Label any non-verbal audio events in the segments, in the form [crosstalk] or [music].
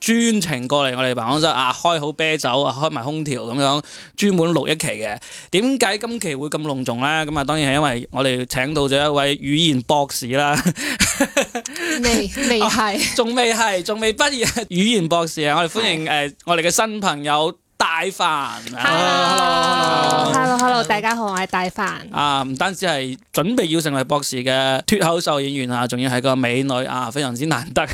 專程過嚟我哋辦公室啊，開好啤酒啊，開埋空調咁樣，啊、專門錄一期嘅。點解今期會咁隆重咧？咁啊，當然係因為我哋請到咗一位語言博士啦 [laughs] 。未、啊、未係，仲未係，仲未畢業語言博士啊！我哋歡迎誒的、呃，我哋嘅新朋友。大凡，hello hello hello 大家好，我係大凡。啊，唔單止係準備要成為博士嘅脱口秀演員啊，仲要係個美女啊，非常之難得。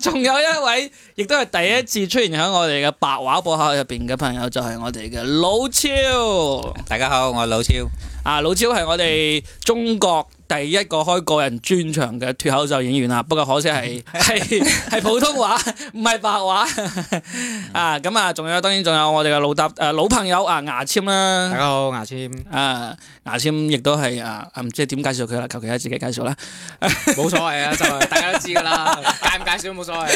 仲 [laughs] 有一位，亦都係第一次出現喺我哋嘅白話播客入邊嘅朋友，就係、是、我哋嘅老超。 [laughs] 大家好，我係老超。啊，老超係我哋中國、嗯。第一個開個人專場嘅脫口秀演員啦，不過可惜係係係普通話，唔係白話 [laughs] 啊！咁啊，仲有當然仲有我哋嘅老搭誒、呃、老朋友啊，牙籤啦，大家好，牙籤啊，牙籤亦都係啊唔知點介紹佢啦，求其自己介紹啦，冇所謂啊，就係、 [laughs] 大家都知噶啦， [laughs] 介唔介紹都冇所謂、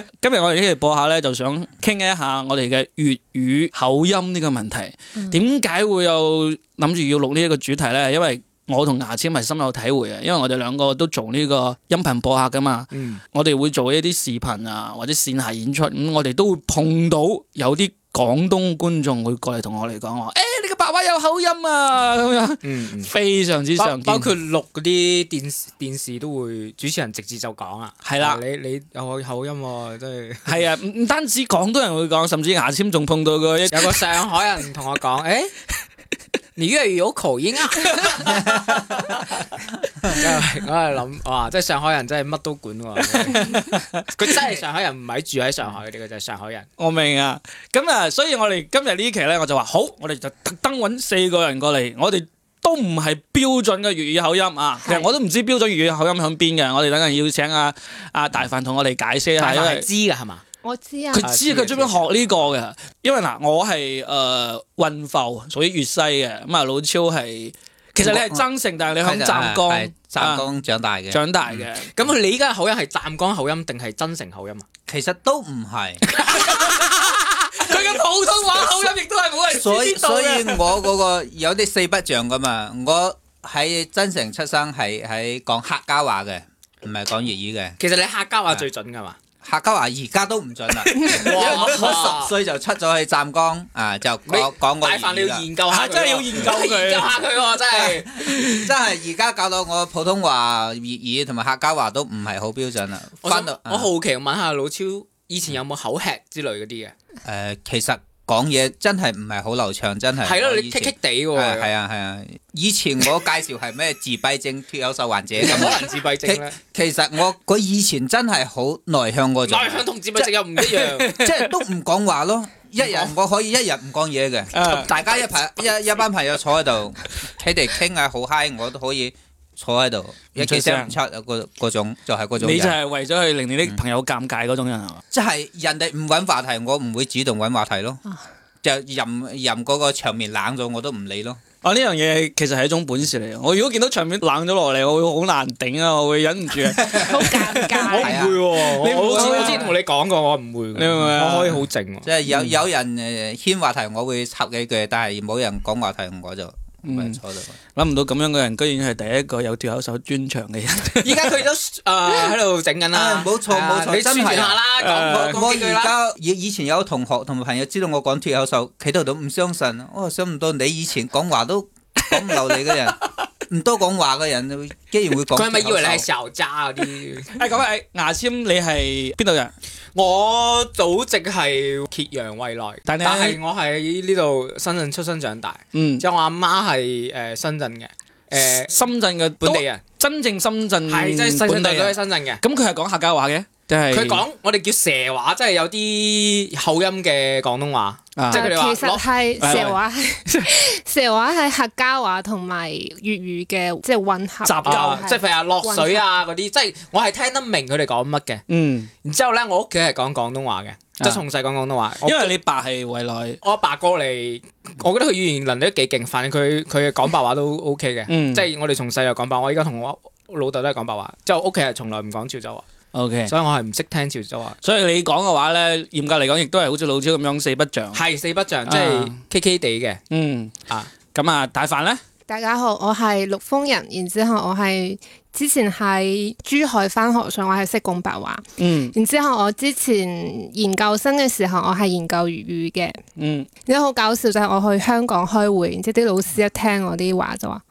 啊。今日我哋呢期播下咧，就想傾一下我哋嘅粵語口音呢個問題，點解、嗯、會有諗住要錄呢一個主題咧？因為我同牙籤係深有體會啊，因為我哋兩個都做呢個音頻播客噶嘛，嗯、我哋會做一啲視頻啊或者線下演出，咁、嗯、我哋都會碰到有啲廣東觀眾會過嚟同我哋講話，誒、嗯哎，你個白話有口音啊咁樣，嗯、非常之常見。包括錄嗰啲電視電視都會主持人直接就講啦。係啦，你你有口口音真係。係啊，唔唔、啊、單止廣東人會講，甚至牙籤仲碰到個 [laughs] 有個上海人同我講，誒、哎。 [laughs] 你粵語有口音啊！ [laughs] [laughs] [laughs] 我係諗，哇！即係上海人真係乜都管喎、啊。佢 [laughs] [laughs] 真係上海人，唔係住喺上海嗰啲，佢、嗯、就係上海人。我明啊，咁啊，所以我哋今日呢期咧，我就話好，我哋就特登揾四個人過嚟，我哋都唔係標準嘅粵語口音啊。其實我都唔知標準粵語口音響邊嘅，我哋等陣要請阿阿大凡同我哋解釋一下。大凡係知嘅係嘛？我知啊，佢知佢做咩學呢個嘅？因為嗱，我係誒雲浮，屬於粵西嘅。咁啊，老超係其實你係增城，但係你喺湛江、湛江長大嘅。長大嘅。咁你依家口音係湛江口音定係增城口音啊？其實都唔係，佢嘅普通話口音亦都係冇人知道嘅。所以所以，我嗰個有啲四不像噶嘛。我喺增城出生，係喺講客家話嘅，唔係講粵語嘅。其實你客家話最準㗎嘛？客家話而家都唔準啦，我十歲就出咗去湛江，啊、 [laughs] 嗯、就講講個大凡你要研究下、啊啊，真係要研究研究下佢啊， [laughs] 啊！真係真係，而家搞到我普通話、粵語同埋客家話都唔係好標準啦。翻想到我好奇問下老超，以前有冇口吃之類嗰啲嘅？誒、嗯，其實。講嘢真係唔係好流暢，真係係咯，你棘棘地喎，係啊係啊，啊。以前我介紹係咩自閉症脱口秀患者，冇 [laughs] 人自閉症其，其實我佢以前真係好內向嗰種，內 [laughs] 向同自閉症又唔一樣， [laughs] 即係都唔講話咯。一日我可以一日唔講嘢嘅， [laughs] 大家一排一一班朋友坐喺度，佢哋傾啊好嗨，high, 我都可以。坐喺度一啲聲唔出，嗰嗰種就係、是、嗰種你就係為咗去令你啲朋友尷尬嗰種人啊！即係、嗯、人哋唔搵話題，我唔會主動搵話題咯。啊、就任任嗰個場面冷咗，我都唔理咯啊。啊，呢樣嘢其實係一種本事嚟。我如果見到場面冷咗落嚟，我會好難頂啊！我會忍唔住，好尷尬。我唔會，我好似同你講過，我唔會。你明唔明？我可以好靜。即係有有人誒牽話題，我會插幾句，但係冇人講話題，我就、啊。啊啊唔係錯啦，諗唔、嗯、到咁樣嘅人，居然係第一個有脫口秀專場嘅人。依家佢都誒喺度整緊啦，冇錯冇錯，你宣傳下啦。我我而家以以前有個同學同埋朋友知道我講脫口秀，企度都唔相信。我話想唔到你以前講話都。 [laughs] 講唔 [laughs] 流利嘅人，唔多講話嘅人，竟然會講。佢係咪以為你係潮州嗰啲？誒、 [laughs] 哎，咁啊，牙籤，你係邊度人？我祖籍係揭陽惠來，但係是 我喺呢度深圳出生長大。嗯，即係我阿媽係誒深圳嘅，誒、呃、深圳嘅本地人，真正深圳即、就是、本地都喺深圳嘅。咁佢係講客家話嘅？佢講我哋叫蛇話，即係有啲口音嘅廣東話，即係佢哋話。其實係蛇話係蛇話係客家話同埋粵語嘅即係混合，即係譬如話落水啊嗰啲，即係我係聽得明佢哋講乜嘅。嗯，然之後咧，我屋企係講廣東話嘅，即係從細講廣東話。因為你爸係外來，我阿爸過嚟，我覺得佢語言能力都幾勁。反正佢佢講白話都 O K 嘅，即係我哋從細就講白話。我而家同我老豆都係講白話，之後屋企係從來唔講潮州話。O.K.，所以我係唔識聽潮州話，所以你講嘅話咧，嚴格嚟講，亦都係好似老超咁樣四不像，係四不像，即係 K.K. 地嘅。嗯啊，咁、嗯、啊，大凡咧，大家好，我係陸豐人，然之後我係之前喺珠海返學上，我係識講白話。嗯，然之後我之前研究生嘅時候，我係研究粵語嘅。嗯，有好搞笑就係我去香港開會，然之後啲老師一聽我啲話就話，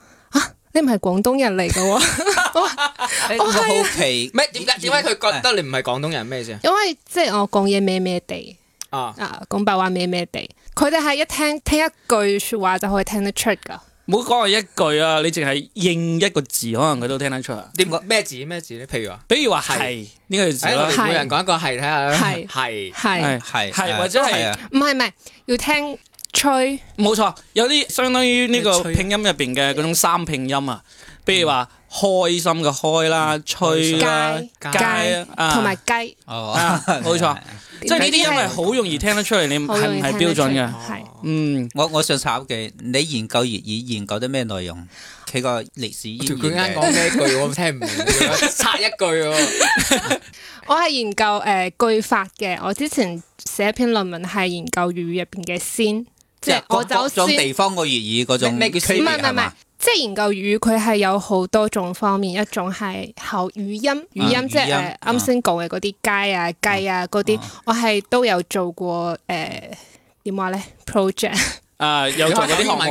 你唔係廣東人嚟噶，我好奇，咩點解點解佢覺得你唔係廣東人咩先？因為即係我講嘢咩咩地，啊啊講白話咩咩地，佢哋係一聽聽一句說話就可以聽得出噶。唔好講係一句啊，你淨係應一個字，可能佢都聽得出。啊。點個咩字咩字咧？譬如話，譬如話係呢個字咯。每人講一個係，睇下係係係係，或者係唔係唔係要聽。吹冇錯，有啲相當於呢個拼音入邊嘅嗰種三拼音啊，比如話開心嘅開啦，吹啦，街，同埋雞哦，冇錯，即係呢啲因為好容易聽得出嚟，你係唔係標準嘅，係嗯，我我想插一句，你研究粵語研究啲咩內容？佢個歷史。佢啱講咩句我聽唔明，插一句，我係研究誒句法嘅。我之前寫篇論文係研究粵語入邊嘅先。即係我就好種地方個粵語嗰種，唔係唔係，即係研究語佢係有好多種方面，一種係考語音語音，即係誒啱先講嘅嗰啲街啊雞啊嗰啲，我係都有做過誒點話咧 project 啊，有嗰啲項目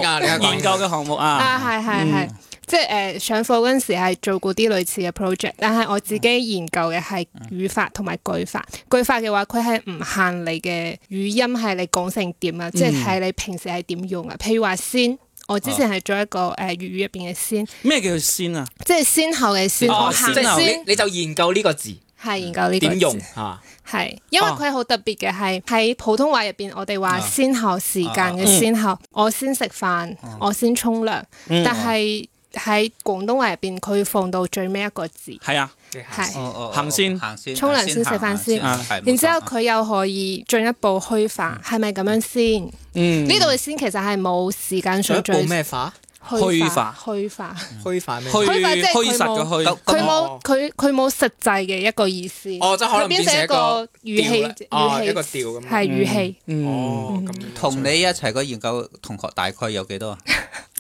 研究嘅項目啊，啊係係係。即係誒、呃、上課嗰陣時係做過啲類似嘅 project，但係我自己研究嘅係語法同埋句法。句法嘅話，佢係唔限你嘅語音係你講成點啊，嗯、即係睇你平時係點用啊。譬如話先，我之前係做一個誒粵語入邊嘅先。咩叫先啊？即係先後嘅先。哦，先後，先你，你就研究呢個字。係研究呢個字。點、嗯、用嚇？係、啊，因為佢好特別嘅，係喺普通話入邊，我哋話先後時間嘅先後，我先食飯，我先沖涼，嗯、但係。喺廣東話入邊，佢放到最尾一個字。係啊，係行先，沖涼先食飯先，然之後佢又可以進一步虛化，係咪咁樣先？嗯，呢度先其實係冇時間順序。一步咩化？虛化，虛化，虛化咩？虛即虛實嘅虛，佢冇佢佢冇實際嘅一個意思。哦，即係可能變成一個語氣，啊，一個調咁。係語氣。哦，同你一齊個研究同學大概有幾多？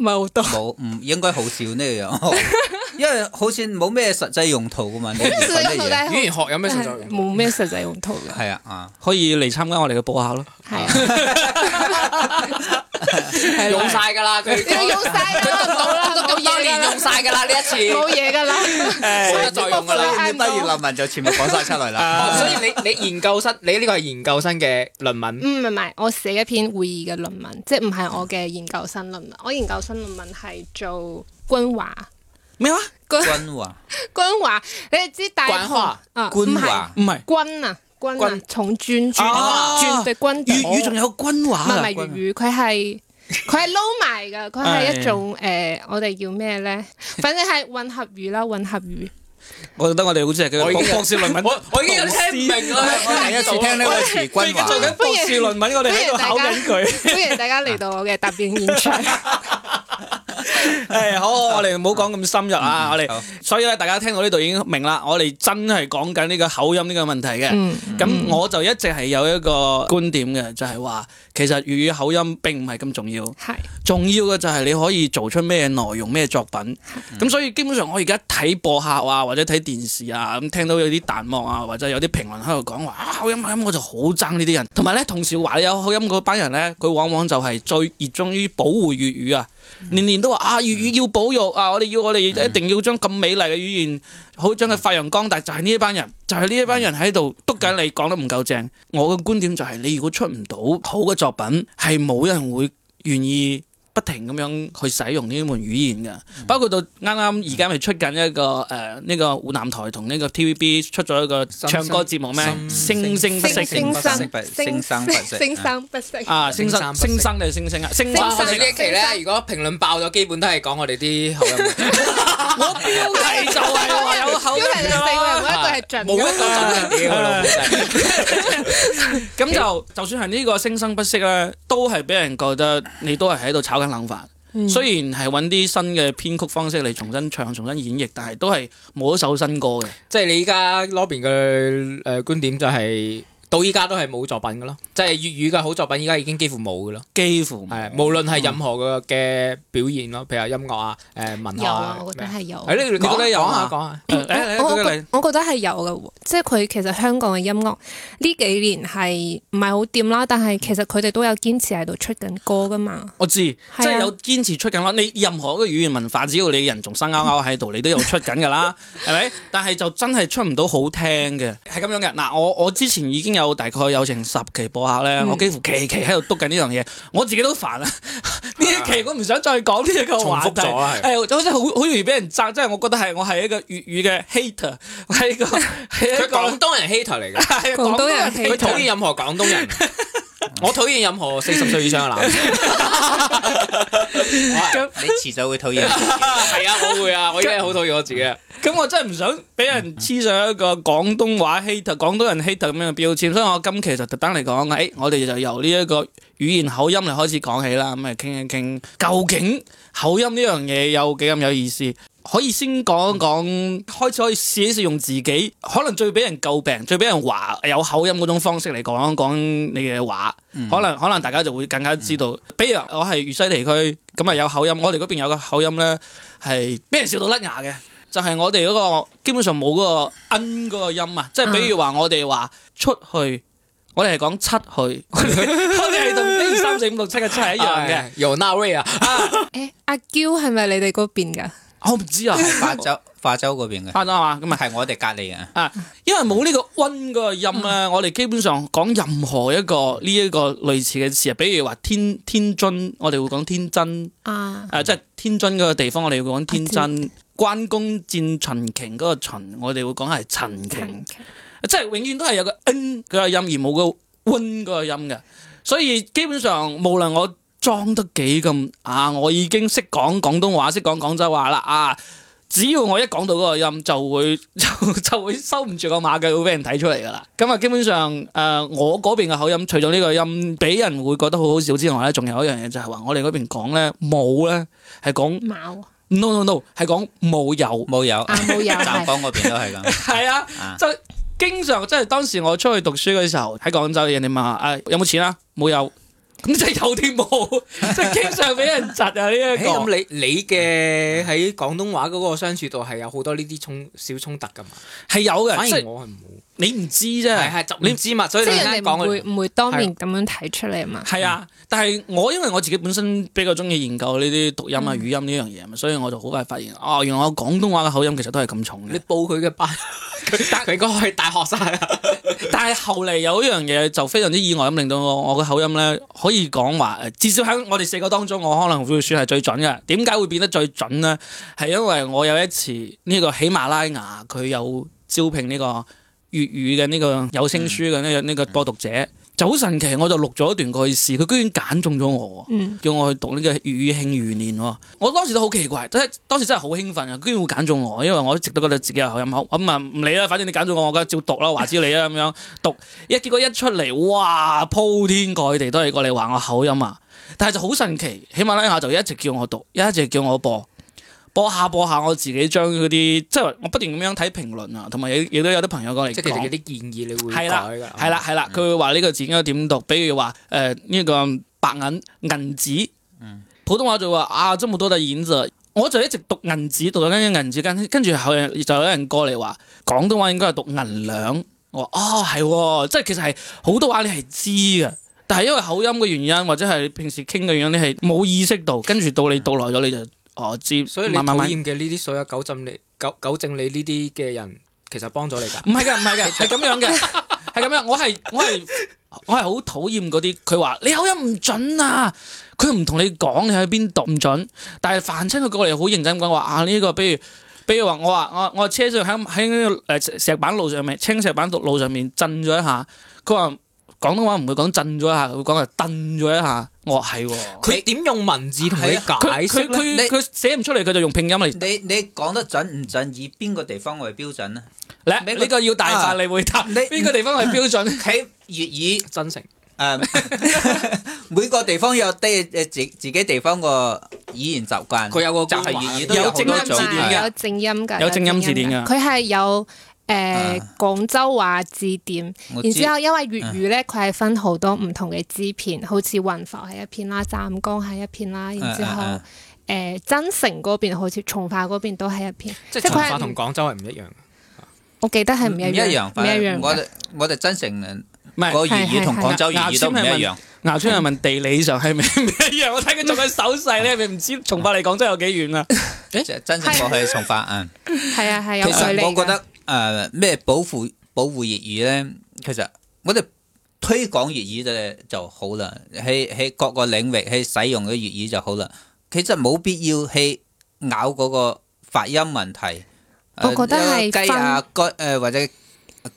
唔係好多。冇，唔應該好少呢樣，因為好似冇咩實際用途㗎嘛。你語言學有咩實際用途？冇咩實際用途。係啊，啊，可以嚟參加我哋嘅播客咯。係。用晒噶啦，佢用晒，佢用到啦，都咁多年用晒噶啦呢一次，冇嘢噶啦，冇得再用噶啦，咁多年論文就全部講晒出嚟啦。所以你你研究生，你呢個係研究生嘅論文？唔唔係，我寫一篇會議嘅論文，即係唔係我嘅研究生論文。我研究生論文係做軍華咩話？軍華軍華，你哋知大學啊？軍華唔係軍啊？軍啊，重專專啊，對軍粵語仲有軍話，唔係唔係粵語，佢係佢係撈埋噶，佢係一種誒，我哋叫咩咧？反正係混合語啦，混合語。我覺得我哋好似係寫個博士論文，我我已經有聽明啦。第一次聽呢個詞軍話。做緊博士論文，我哋考緊佢。歡迎大家，歡迎大家嚟到我嘅答辯現場。誒、 [laughs] 哎，好，我哋唔好講咁深入啊，我哋，所以咧，大家聽到呢度已經明啦。我哋真係講緊呢個口音呢個問題嘅。咁、嗯嗯、我就一直係有一個觀點嘅，就係、是、話，其實粵語口音並唔係咁重要，係是重要嘅就係你可以做出咩內容、咩作品。咁是所以基本上，我而家睇播客啊，或者睇電視啊，咁、嗯、聽到有啲彈幕啊，或者有啲評論喺度講話，口音唔啱，我就好憎呢啲人。同埋咧，同時話你有口音嗰班人咧，佢往往就係最熱衷於保護粵語啊。年年都話啊，粵語要保育啊，我哋要我哋一定要將咁美麗嘅語言好，好將佢發揚光大，就係呢一班人，就係、是，呢一班人喺度督緊你講得唔夠正。我嘅觀點就係、是，你如果出唔到好嘅作品，係冇人會願意。不停咁樣去使用呢門語言嘅，包括到啱啱而家咪出緊一個誒呢個湖南台同呢個 TVB 出咗一個唱歌節目咩？聲生不息，聲生不息，聲生不息啊！星星星星就係星星啊！星星呢一期咧，如果評論爆咗，基本都係講我哋啲口音。我標題就係有口音嘅四個人，一個係純嘅，冇一個純，咁就就算係呢個聲生不息咧，都係俾人覺得你都係喺度炒緊冷飯，雖然係揾啲新嘅編曲方式嚟重新唱、重新演繹，但係都係冇一首新歌嘅。即係你依家洛賓嘅誒觀點就係、是。到依家都係冇作品噶咯，即係粵語嘅好作品，依家已經幾乎冇噶咯。幾乎係無論係任何嘅嘅表現咯，譬如話音樂啊，誒文學。有啊，我覺得係有。你覺得有啊？講啊！嚟嚟嚟，我我覺得係有嘅，即係佢其實香港嘅音樂呢幾年係唔係好掂啦？但係其實佢哋都有堅持喺度出緊歌噶嘛。我知，即係有堅持出緊咯。你任何一個語言文化，只要你人仲生勾勾喺度，你都有出緊㗎啦，係咪？但係就真係出唔到好聽嘅。係咁樣嘅嗱，我我之前已經，有大概有成十期播客咧，嗯、我幾乎期期喺度督緊呢樣嘢，我自己都煩啊！呢一期我唔想再講呢一個話題，係好似好好容易俾人責，即係我覺得係我係一個粵語嘅 hater，我係 [laughs] 一個，係廣東人 hater 嚟嘅，係廣、啊、東人，佢討厭任何廣東人。 [laughs] [laughs] 我討厭任何四十歲以上嘅男仔，你遲早會討厭。係啊，我會啊，我真係好討厭我自己。咁我真係唔想俾人黐上一個廣東話 hater、廣東人 hater 咁樣嘅標籤，所以我今期就特登嚟講，誒，我哋就由呢一個語言口音嚟開始講起啦，咁啊，傾一傾究竟口音呢樣嘢有幾咁有意思。可以先講講開始，可以試一試用自己可能最俾人詬病、最俾人話有口音嗰種方式嚟講講你嘅話，嗯、可能可能大家就會更加知道。嗯、比如我係粵西地區，咁啊有口音。我哋嗰邊有個口音咧，係俾人笑到甩牙嘅，就係、是、我哋嗰個基本上冇嗰個恩嗰個音啊。即係比如話我哋話出去，我哋係講七去，我哋係同一二三四五六七嘅七係一樣嘅。由那位啊，阿嬌係咪你哋嗰邊噶？ini 我唔知啊，化州化州嗰邊嘅，化州啊嘛，咁啊係我哋隔籬嘅。啊，因為冇呢、這個溫個音啊，嗯、我哋基本上講任何一個呢一個類似嘅詞啊，比如話天天津，我哋會講天，啊啊就是、天津啊，誒即係天津嗰個地方，我哋會講天津。啊、天關公戰秦瓊嗰個秦，我哋會講係陳瓊，即係、嗯、永遠都係有個 n 嗰個音而冇個溫嗰個音嘅，所以基本上無論我。裝得幾咁啊！我已經識講廣東話，識講廣州話啦啊！只要我一講到嗰個音，就會就就會收唔住個馬腳，會俾人睇出嚟噶啦。咁啊，基本上誒、呃，我嗰邊嘅口音，除咗呢個音俾人會覺得好好笑之外咧，仲有一樣嘢就係話我哋嗰邊講咧冇咧係講冇，no no no 係講冇有冇有啊！湛江嗰邊都係咁，係 [laughs] Yeah, 啊，就經常即係當時我出去讀書嘅時候喺廣州，嘅人哋問下有冇錢啊冇有？ou. 咁即係有啲冇，即係經常俾人窒啊！呢一個咁你你嘅喺廣東話嗰個相處度係有好多呢啲衝小衝突噶嘛？係有嘅，反而我係冇。你唔知啫，的你唔知嘛，嗯、所以即係人哋唔會唔會當面咁樣睇出嚟嘛。係啊的，嗯、但係我因為我自己本身比較中意研究呢啲讀音啊、嗯、語音呢樣嘢嘛，所以我就好快發現哦，原來我廣東話嘅口音其實都係咁重嘅。你報佢嘅班，佢佢嗰個係大學生， [laughs] [laughs] 但係後嚟有一樣嘢就非常之意外咁，令到我我嘅口音咧可以講話至少喺我哋四個當中，我可能會算係最準嘅。點解會變得最準呢？係因為我有一次呢個喜馬拉拉雅佢有招聘呢個。粵語嘅呢個有聲書嘅呢個呢個播讀者、嗯、就好神奇，我就錄咗一段過去事，佢居然揀中咗我，嗯、叫我去讀呢個粵語慶餘年。我當時都好奇怪，真係當時真係好興奮嘅，居然會揀中我，因為我一直都覺得自己有口音好。咁啊唔理啦，反正你揀中我，我梗係照讀啦，話知你啊咁 [laughs] 樣讀。一結果一出嚟，哇鋪天蓋地都係過嚟話我口音啊！但係就好神奇，喜馬拉雅就一直叫我讀，一直叫我播。播下播下，我自己將嗰啲即係我不斷咁樣睇評論啊，同埋亦都有啲朋友過嚟，即係佢哋啲建議，你會改嘅。係啦，係啦的，係啦、嗯。佢、嗯、會話呢個字應該點讀？比如話誒呢個白銀銀紙，嗯、普通話就話啊，咁多得演字，我就一直讀銀紙，讀到呢銀紙間，跟住後就有人過嚟話廣東話應該係讀銀兩。我話啊，係、哦，即係其實係好多話你係知嘅，但係因為口音嘅原因或者係平時傾嘅原因，你係冇意識到，跟住到你讀耐咗你就。嗯。我知，所以你討厭嘅呢啲所有糾正你、糾糾正你呢啲嘅人，其實幫咗你㗎。唔係㗎，唔係㗎，係咁樣嘅，係咁 [laughs] 樣。我係我係我係好討厭嗰啲。佢話你口音唔準啊，佢唔同你講你喺邊度唔準。但係凡親佢過嚟好認真咁講話，呢、啊呢個比如比如話我話我我車上喺喺呢石板路上面青石板道路上面震咗一下，佢話廣東話唔會講震咗一下，會講係頓咗一下。我係佢點用文字同你解釋？佢佢寫唔出嚟，佢就用拼音嚟。你你講得準唔準？以邊個地方為標準咧？你呢個要大凡你回答。你邊個地方係標準？喺粵語增城誒，每個地方有啲誒自自己地方個語言習慣。佢有個就係粵語，有正音字典嘅，有正音嘅，有正音字典嘅。佢係有。誒廣州話字典，然之後因為粵語咧，佢係分好多唔同嘅支片，好似雲浮係一片啦，湛江係一片啦，然之後誒增城嗰邊好似從化嗰邊都係一片。即係從化同廣州係唔一樣。我記得係唔一樣。一樣。我哋我哋增城唔係個粵語同廣州粵語都唔一樣。牙籤係問地理上係唔一樣。我睇佢做個手勢咧，你唔知從化嚟廣州有幾遠啊？誒，增城過去從化，嗯，係啊係。其實我覺得。誒，咩、呃、保護保護粵語咧？其實我哋推廣粵語就就好啦，喺喺各個領域去使用嘅粵語就好啦。其實冇必要去咬嗰個發音問題。呃、我覺得係雞、呃、啊，骨、呃、誒，或者。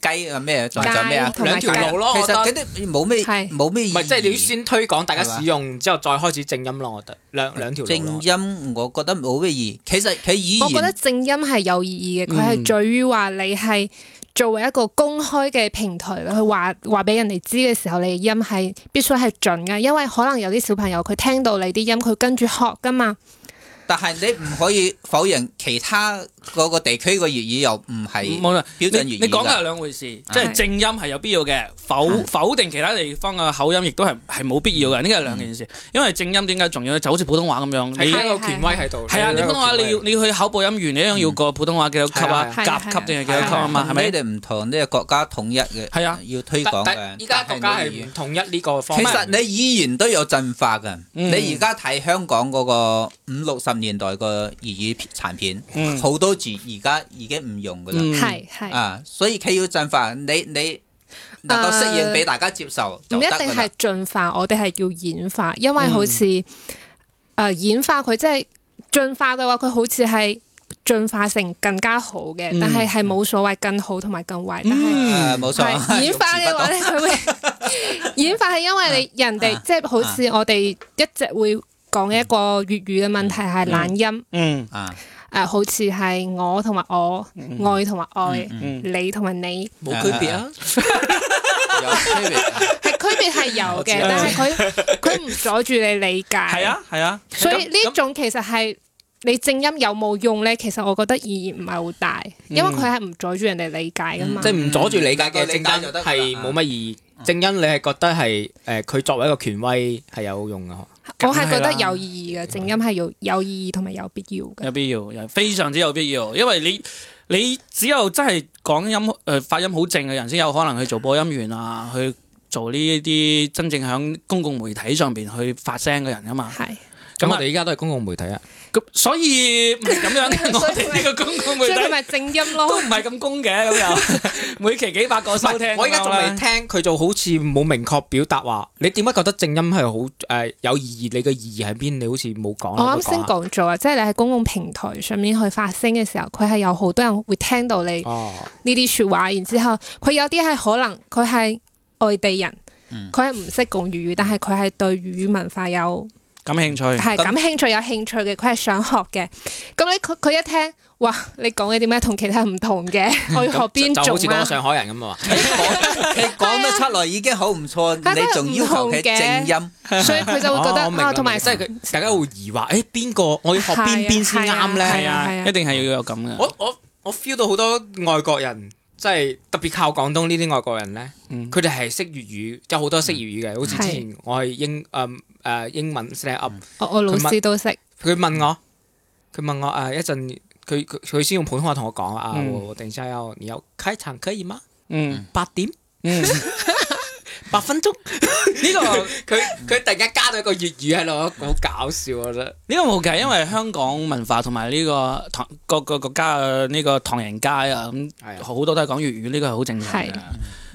雞啊咩，仲有咩啊？兩條路咯，其實嗰啲冇咩冇咩意義，即係、就是、你要先推廣大家使用，吧之後再開始靜音正咯。音我覺得兩兩條路正音，我覺得冇咩意義。其實佢語言，意義我覺得正音係有意義嘅。佢係在於話你係作為一個公開嘅平台、嗯、去話話俾人哋知嘅時候，你嘅音係必須係準噶，因為可能有啲小朋友佢聽到你啲音，佢跟住學噶嘛。但係你唔可以否認其他嗰個地區個粵語又唔係標準粵語。你講嘅係兩回事，即係正音係有必要嘅，否否定其他地方嘅口音亦都係係冇必要嘅，呢個係兩件事。因為正音點解重要？就好似普通話咁樣，你有一個權威喺度。係啊，你普通話你要你去口播音員，你一樣要過普通話幾多級啊？甲級定係幾多級啊？嘛係咪？你哋唔同啲國家統一嘅，係啊，要推廣而家國家係統一呢個方。其實你依然都有進化嘅，你而家睇香港嗰個五六十年代個粵語殘片，好多字而家已經唔用噶啦，嗯。係係啊，所以佢要進化，你你能夠適應俾大家接受唔一定係進化，我哋係要演化，因為好似誒、嗯呃、演化佢即係進化嘅話，佢好似係進化成更加好嘅，嗯，但係係冇所謂更好同埋更壞。嗯，冇所謂。演化嘅話咧，佢會週幣 [laughs] 演化係因為你人哋即係好似我哋一直會。講一個粵語嘅問題係懶音，嗯啊，誒，好似係我同埋我愛同埋愛你同埋你冇區別啊，有區別係區別係有嘅，但係佢佢唔阻住你理解，係啊係啊，所以呢種其實係你正音有冇用咧？其實我覺得意義唔係好大，因為佢係唔阻住人哋理解噶嘛，即係唔阻住理解嘅正音係冇乜意義。正音你係覺得係誒，佢作為一個權威係有用噶。我係覺得有意義嘅，正音係要有，有意義同埋有必要嘅。有必要，非常之有必要，因為你你只有真係講音誒、呃、發音好正嘅人，先有可能去做播音員啊，去做呢啲真正響公共媒體上邊去發聲嘅人噶嘛。係是，咁我哋而家都係公共媒體啊。所以唔係咁樣嘅， [laughs] 所以我呢個公共所以佢咪正音咯，都唔係咁公嘅咁又， [laughs] 每期幾百個收聽，是我而家仲未聽。佢 [laughs] 就好似冇明確表達話，你點解覺得正音係好誒有意義？你嘅意義喺邊？你好似冇講。我啱先講咗啊，即係你喺公共平台上面去發聲嘅時候，佢係有好多人會聽到你呢啲説話，哦、然之後佢有啲係可能佢係外地人，佢係唔識講粵語，但係佢係對粵語文化有感興趣，係感興趣，有興趣嘅佢係想學嘅。咁咧佢佢一聽，哇！你講嘅點解同其他唔同嘅？我要學邊種、啊、 [laughs] 就好似個上海人咁啊！ [laughs] [laughs] 你講得出來已經好唔錯， [laughs] 你仲要求嘅。正音， [laughs] 哦、所以佢就會覺得啊，同埋即係大家會疑惑，誒、欸，邊個我要學邊邊先啱咧？係啊，啊啊啊啊一定係要有咁嘅。我我我 feel 到好多外國人。即係特別靠廣東呢啲外國人咧，佢哋係識粵語，即係好多識粵語嘅。好似、嗯、之前我係英誒誒、嗯啊、英文 set up，、嗯、問我老師都識。佢問我，佢問我誒、啊、一陣，佢佢佢先用普通話同我講、嗯、啊，我我等下有你有開場可以嗎？嗯，八點。嗯。 [laughs] [laughs] 八分鐘呢、 [laughs] 這個佢佢突然間加咗一個粵語喺度，好搞笑啊！我覺得呢個冇計，嗯、因為香港文化同埋呢個唐各個國家嘅呢個唐人街啊，咁係好多都係講粵語，呢個係好正常嘅。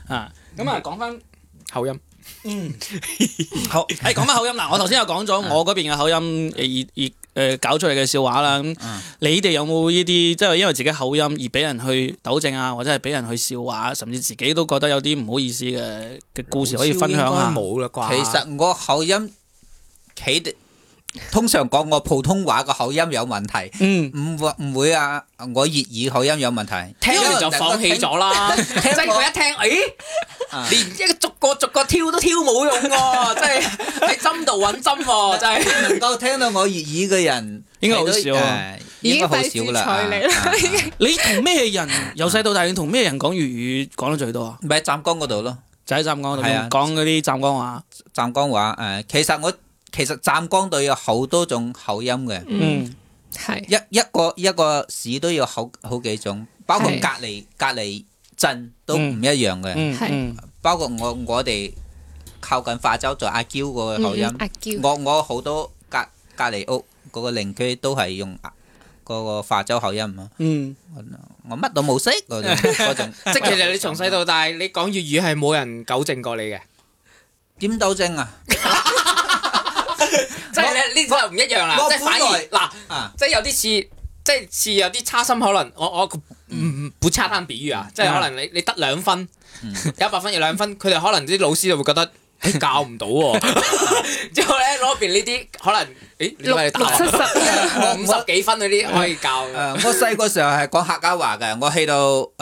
啊，咁啊講翻口音。嗯， [laughs] 好，誒，講翻口音嗱，我頭先又講咗我嗰邊嘅口音而而誒搞出嚟嘅笑話啦，咁、嗯、你哋有冇呢啲即係因為自己口音而俾人去糾正啊，或者係俾人去笑話，甚至自己都覺得有啲唔好意思嘅嘅故事可以分享啊？冇啦啩，其實我口音，佢哋。通常講我普通話個口音有問題，唔唔會唔會啊！我粵語口音有問題，聽完就放棄咗啦。即係我一聽，誒，連一個逐個逐個挑都挑冇用喎，即係喺針度揾針喎，就係能夠聽到我粵語嘅人應該好少喎，應該好少啦。你同咩人？由細到大，你同咩人講粵語講得最多啊？咪喺湛江嗰度咯，就喺湛江嗰度係啊，講嗰啲湛江話。湛江話，誒，其實我。其實湛江都有好多種口音嘅，嗯，係一一個一個市都要好好幾種，包括隔籬是隔籬鎮都唔一樣嘅，嗯，包括我我哋靠近化州做阿嬌嗰個口音，嗯啊，我我好多隔隔籬屋嗰個鄰居都係用阿嗰個化州口音啊，嗯，我乜都冇識，種， [laughs] 種 [laughs] 即其實你從細到大你講粵語係冇人糾正過你嘅，點糾正啊？笑 [laughs] [laughs] 即係咧呢就唔一樣啦，即係反而嗱，啊、即係有啲似，即係似有啲差心。可能我我唔唔差攤比喻啊，即係可能你你得兩分，一百分要兩分，佢哋 [laughs] 可能啲老師就會覺得、欸、教唔到、啊。之 [laughs] 後咧，攞邊呢啲可能誒，六七十我五十幾分嗰啲可以教。誒，我細個時候係講客家話嘅，我去到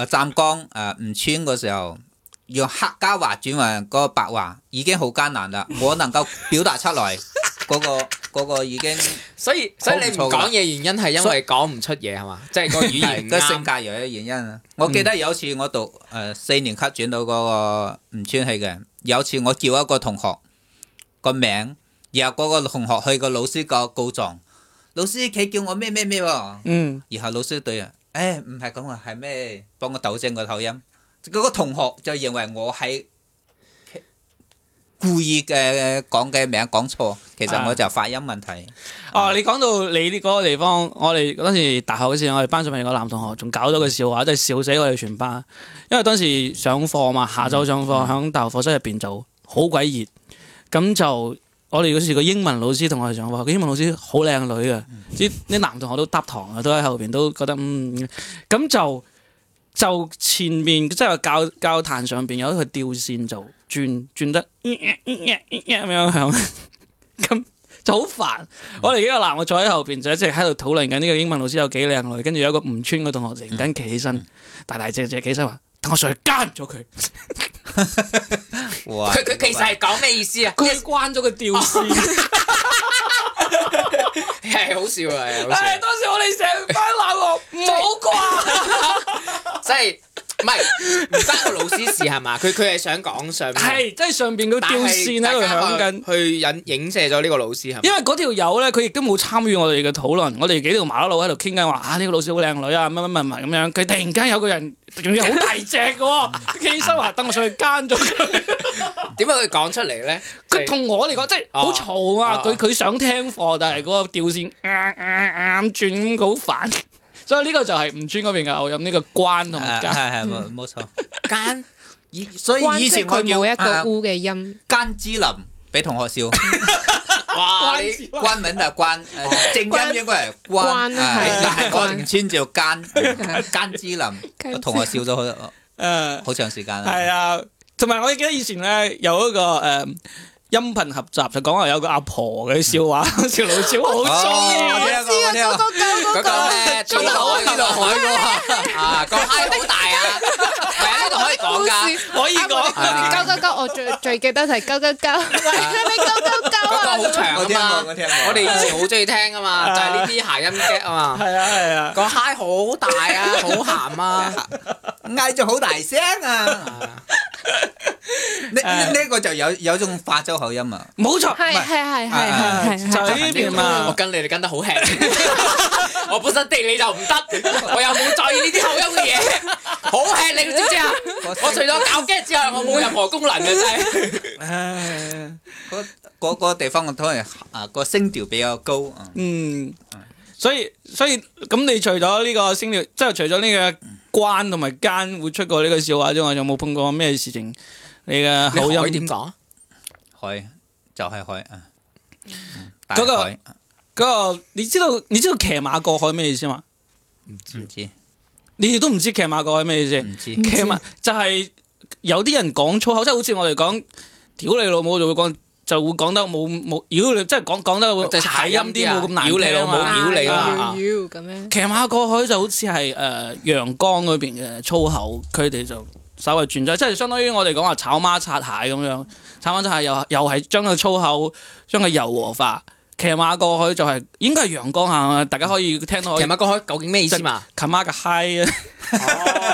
誒湛江誒吳川嗰時候，用客家話轉為嗰個白話已經好艱難啦。我能夠表達出來。 [laughs] [laughs] 嗰、那個那個已經，所以所以你唔講嘢原因係因為講唔出嘢係嘛？即係以、就是、個語言個 [laughs] 性格有一原因啊！我記得有次我讀誒四、呃、年級轉到嗰、那個吳川去嘅，有次我叫一個同學個名，然後嗰個同學去個老師個告狀，老師佢叫我咩咩咩喎，嗯，然後老師對啊，誒唔係咁啊，係咩？幫我糾正個口音，嗰、那個同學就認為我喺。故意嘅講嘅名講錯，其實我就發音問題。的的哦，你講到你啲嗰個地方，我哋嗰陣時大學嗰時，我哋班上面有個男同學仲搞咗個笑話，真、就、係、是、笑死我哋全班。因為當時上課嘛，下晝上課響大學課室入邊就好鬼熱，咁就我哋嗰時個英文老師同我哋上課，英文老師好靚女嘅，啲、嗯、男同學都搭堂啊，都喺後邊都覺得嗯，咁就就前面即係、就是、教教壇上邊有一個吊扇就轉轉得，咁 [laughs] 樣響，咁就好煩。我哋幾個男我坐喺後邊，就一直喺度討論緊呢個英文老師有幾靚女。跟住有一個吳川嘅同學突然間企起身，大大隻隻企起身話，等我上去奸咗佢。佢 [laughs] 佢 [laughs] 哇其實係講咩意思啊？佢係關咗個吊扇，係、 [laughs] 哎、好笑啊，哎哎！當時我哋成班男嘅唔好掛。即 [laughs] 係。 [laughs] 唔係，唔得個老師事係嘛？佢佢係想講上邊，係即係上邊個吊扇喺度響緊，去引影射咗呢個老師係。因為嗰條友咧，佢亦都冇參與我哋嘅討論。我哋幾條麻甩佬喺度傾緊話啊，呢個老師好靚女啊，乜乜乜乜咁樣。佢突然間有個人，仲要好大隻嘅，企起身話等我上去姦咗佢。點解佢講出嚟咧？佢同我嚟講，即係好嘈啊！佢佢想聽課，但係嗰個吊扇啱啱轉咁好煩。啊所以呢個就係吳川嗰邊嘅，我飲呢個關同。係係冇冇錯。姦以所以以前佢冇一個烏嘅音，關之林俾同學笑。哇！關名就關，正音應該係關，係係過完村就姦。關之林，同學笑咗好，誒，好長時間啦。係啊，同埋我記得以前咧有一個誒。音頻合集就講話，有個阿婆嘅笑話，笑老笑話，我知啊，知啊，嗰個咩？嗰個咩？嗰個咩？嗰個咩？啊，個 high 好大啊！呢個可以講噶，可以講。係，勾勾勾，我最最記得係勾勾勾。係咪勾勾勾啊？嗰個好長啊嘛，我聽過，我聽過。我哋以前好中意聽噶嘛，就係呢啲諧音梗啊嘛。係啊，係啊。個 high 好大啊，好咸啊，嗌咗好大聲啊。呢呢個就有有種化州口音啊，冇錯、啊，係係係係係，就呢啲啊我跟你哋跟得好吃力， [laughs] 我本身地理就唔得，我又冇在意呢啲口音嘅嘢， [laughs] 好吃力你知唔知啊？我除咗搞 gag 之外，我冇任何功能嘅啫。係。嗰嗰、啊嗰個嗰個、地方我都係啊，嗰個聲調比較高啊。嗯，所以所以咁，你除咗呢個聲調，即係除咗呢個關同埋間會出過呢個笑話之外，有冇碰過咩事情？你嘅口音點講？海就係海啊，嗰個嗰個，你知道你知道騎馬過海咩意思嘛？唔知，你哋都唔知騎馬過海咩意思？騎馬就係有啲人講粗口，即係好似我哋講屌你老母就會講，就會講得冇冇妖你，即係講講得諧音啲咁「妖你老母，妖你係嘛？咁樣騎馬過海就好似係誒陽江嗰邊嘅粗口，佢哋就。稍為轉製，即係相當於我哋講話炒孖擦鞋咁樣，炒孖擦鞋又又係將個粗口將佢柔和化。騎馬過去就係應該係陽光下，大家可以聽到。騎馬過去究竟咩意思嘛？騎馬嘅嗨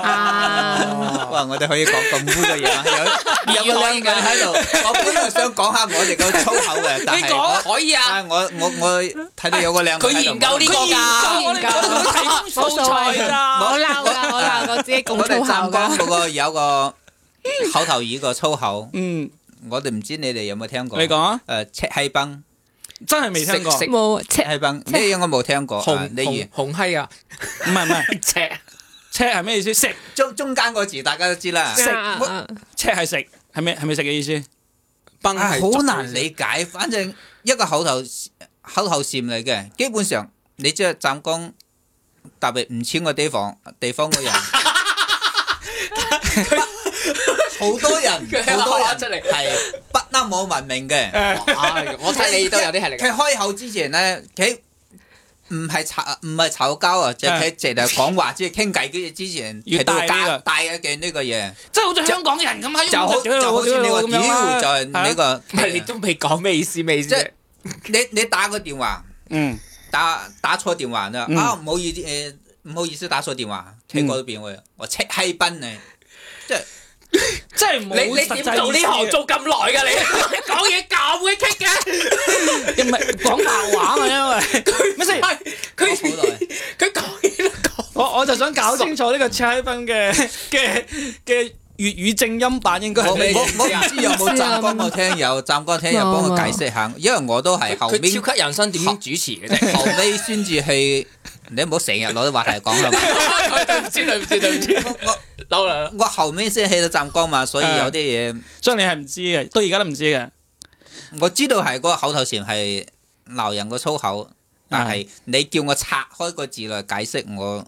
啊！哇，我哋可以講咁污嘅嘢，有有冇兩個人喺度？我本來想講下我哋嘅粗口嘅，但係我可以啊！我我我睇到有個靚佢研究呢個啊，我哋湛江嗰個有個口頭語個粗口，嗯，我哋唔知你哋有冇聽過？你講啊？誒，赤氣崩。真係未聽過，冇，赤係崩，呢樣我冇聽過。啊，例如紅蝦啊，唔係唔係，赤赤係咩意思？食中中間個字大家都知啦。赤係食係咩係咪食嘅意思？崩好、哎、難理解，反正一個口頭口頭禪嚟嘅。基本上你即係湛江特別唔似個地方地方嘅人。好多人，好多人出嚟係不嬲冇文明嘅。我睇你都有啲係你。佢開口之前咧，佢唔係嘈唔係嘈交啊，就佢直頭講話即係傾偈嘅之前，越大啲大嘅呢個嘢，即係好似香港人咁就好似你個妖，就係呢個。你都未講咩意思咩意思？即係你你打個電話，嗯，打打錯電話啦。啊，唔好意思誒，唔好意思打錯電話。聽過都變喎，我赤氣賓誒，即係。即係唔好，你你點做呢行做咁耐噶你講嘢咁會棘嘅，你唔係講白話啊？因為咩？唔係佢佢講嘢都講。我我就想搞清楚呢個 Stephen 嘅嘅嘅粵語正音版應該係，我唔知有冇湛江嘅聽友，湛江聽友幫佢解釋下，因為我都係後尾。佢超級人生點樣主持嘅啫？後尾先至係，你都唔好成日攞啲話題講啦。我我。我後尾先去到湛江嘛，所以有啲嘢，所以你係唔知嘅，到而家都唔知嘅。我知道係個口頭禪係鬧人個粗口，但係你叫我拆開個字嚟解釋，我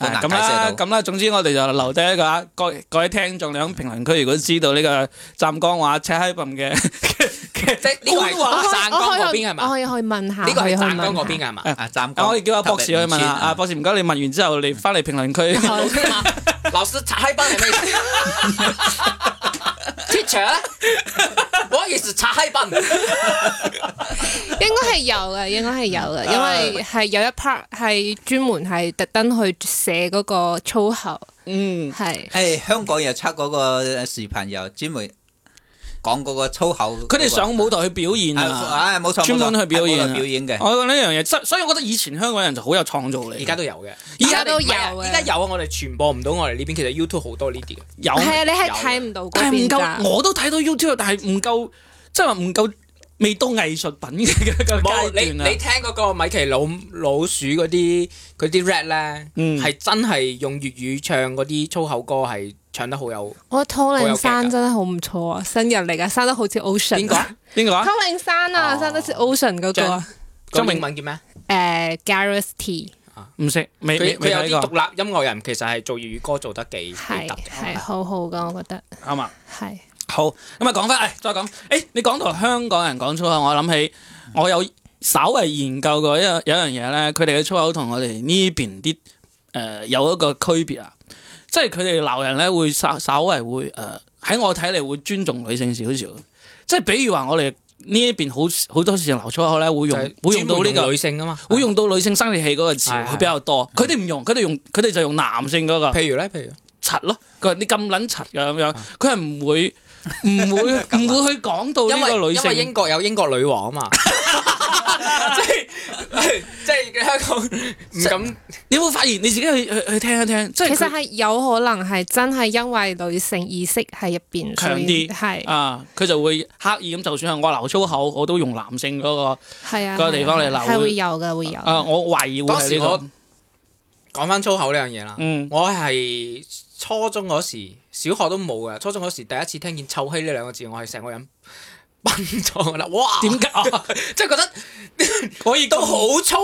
都難解釋到。咁啦，總之我哋就留低一個，各各位聽眾你喺評論區，如果知道呢個湛江話赤溪噉嘅，即呢個話湛江嗰邊係嘛？我可以去問下，呢個係湛江嗰邊係嘛？啊，湛江，我可以叫阿博士去問下。博士唔該，你問完之後，你翻嚟評論區。老師查黑板，係咩意思？e 我意思查黑板。應該係有嘅，應該係有嘅，因為係有一 part 係專門係特登去寫嗰個粗口。嗯，係是。係、哎、香港又出嗰個視頻又專門。講嗰個粗口，佢哋上舞台去表演係、啊，冇錯、啊，專門去表演表演嘅。錯我呢樣嘢，所以我覺得以前香港人就好有創造力，而家都有嘅。而家都有，而家有啊不！我哋傳播唔到我，我哋呢邊其實 YouTube 好多呢啲嘅。有，有，係啊，你係睇唔到。係唔夠，我都睇到 YouTube，但係唔夠，即係話唔夠未到藝術品嘅個階段、啊、你你聽嗰個米奇老老鼠嗰啲嗰啲 rap 咧，係、嗯、真係用粵語唱嗰啲粗口歌係。唱得好有，我覺得湯令山真係好唔錯啊！新人嚟噶，生得好似 Ocean。邊個、啊？邊個啊？湯令山啊，哦、生得好似 Ocean 嗰個。張名文叫咩？誒，Gareth T。唔識，未未未睇佢有啲獨立音樂人，其實係做粵語，語歌做得幾係係好好噶，我覺得。啱啊嗎，係是好咁啊！講翻誒，再講，誒、哎、你講到香港人講粗口，我諗起我有稍微研究過一有一樣嘢咧，佢哋嘅粗口同我哋呢邊啲誒、呃、有一個區別啊。即係佢哋鬧人咧，會稍稍微會誒，喺、呃、我睇嚟會尊重女性少少。即係比如話我哋呢一邊好好多事情鬧出口咧，會用會用到呢、這個女性啊嘛，會用到女性生理器嗰個詞會比較多。佢哋唔用，佢哋用，佢哋就用男性嗰、那個。譬如咧，譬如，柒咯，佢話你咁撚柒噶咁樣，佢係唔會。唔會唔會去講到呢個女性，因為英國有英國女王嘛，即係即係香港唔咁。你會發現你自己去去去聽一聽，即係其實係有可能係真係因為女性意識喺入邊，強啲係啊，佢就會刻意咁，就算係我留粗口，我都用男性嗰個係啊個地方嚟留。係會有嘅會有。啊，我懷疑會係呢個當時我講翻粗口呢樣嘢啦，嗯，我係初中嗰時。.小學都冇嘅，初中嗰時第一次聽見臭氣呢兩個字，我係成個人。 [laughs] 瞓咗啦！哇，點解啊？即係覺得可以都好粗，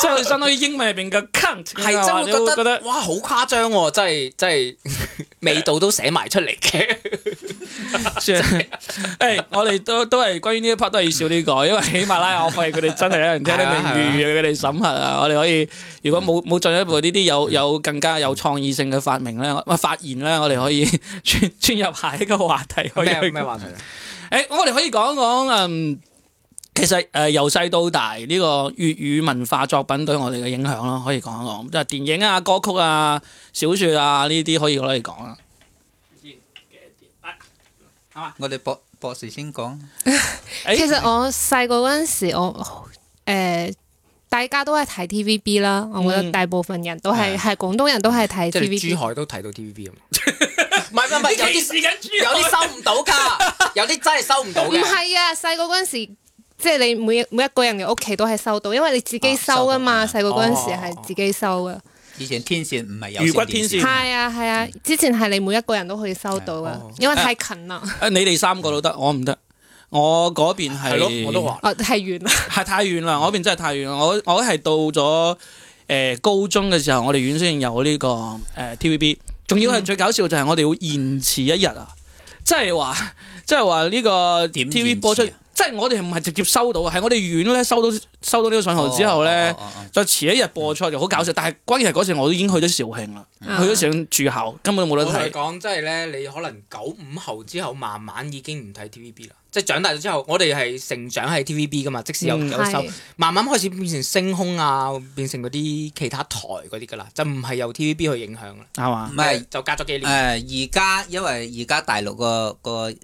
即係相當於英文入邊嘅 count，係真係覺得覺得哇，好誇張喎！真係真係味道都寫埋出嚟嘅。誒，我哋都都係關於呢一 part 都要少啲改，因為喜馬拉雅我發現佢哋真係有人聽得明粵語嘅，佢哋審核啊。我哋可以，如果冇冇進一步呢啲有有更加有創意性嘅發明咧，發言咧，我哋可以轉轉入下一個話題。咩咩話題？誒、欸，我哋可以講講誒，其實誒由細到大呢、這個粵語文化作品對我哋嘅影響咯，可以講一講，即係電影啊、歌曲啊、小說啊呢啲可以攞嚟講啊。我哋博博士先講。嗯、其實我細個嗰陣時，我誒、呃、大家都係睇 TVB 啦，我覺得大部分人都係係廣東人都係睇 TVB，珠海都睇到 TVB 啊。 [laughs] 唔係唔係，有啲有啲收唔到噶，有啲真係收唔到。唔係啊，細個嗰陣時，即係你每每一個人嘅屋企都係收到，因為，你自己收啊嘛。細個嗰陣時係自己收噶。哦哦，以前天線唔係有魚骨天線。係啊係啊，之前係你每一個人都可以收到噶，嗯、因為太近啦，啊。你哋三個都得，我唔得。我嗰邊係， [laughs] 我都話 [laughs] 、啊、 [laughs] 太遠啦，係太遠啦。我嗰邊真係太遠啦。我我係到咗，誒、呃、高中嘅時候，我哋縣先有呢、呢個誒、呃呃呃、T V B。仲要係最搞笑就係我哋要延遲一日啊！即係話，即係話呢個 TV 播出。即係我哋唔係直接收到，係我哋院咧收到收到呢個信號之後咧，就遲、oh, oh, oh, oh, oh. 一日播出、uh, 就好搞笑。但係關鍵係嗰時我都已經去咗肇慶啦，uh, 去咗肇慶住校，根本冇得睇。我哋講即係咧，你可能九五後之後慢慢已經唔睇 TVB 啦。即係長大咗之後，我哋係成長喺 TVB 噶嘛，即使有有收，Yes 慢慢開始變成星空啊，變成嗰啲其他台嗰啲噶啦，就唔係由 TVB 去影響啦，係嘛吧？唔係是就隔咗幾年。誒、呃，而家因為而家大陸個、那個。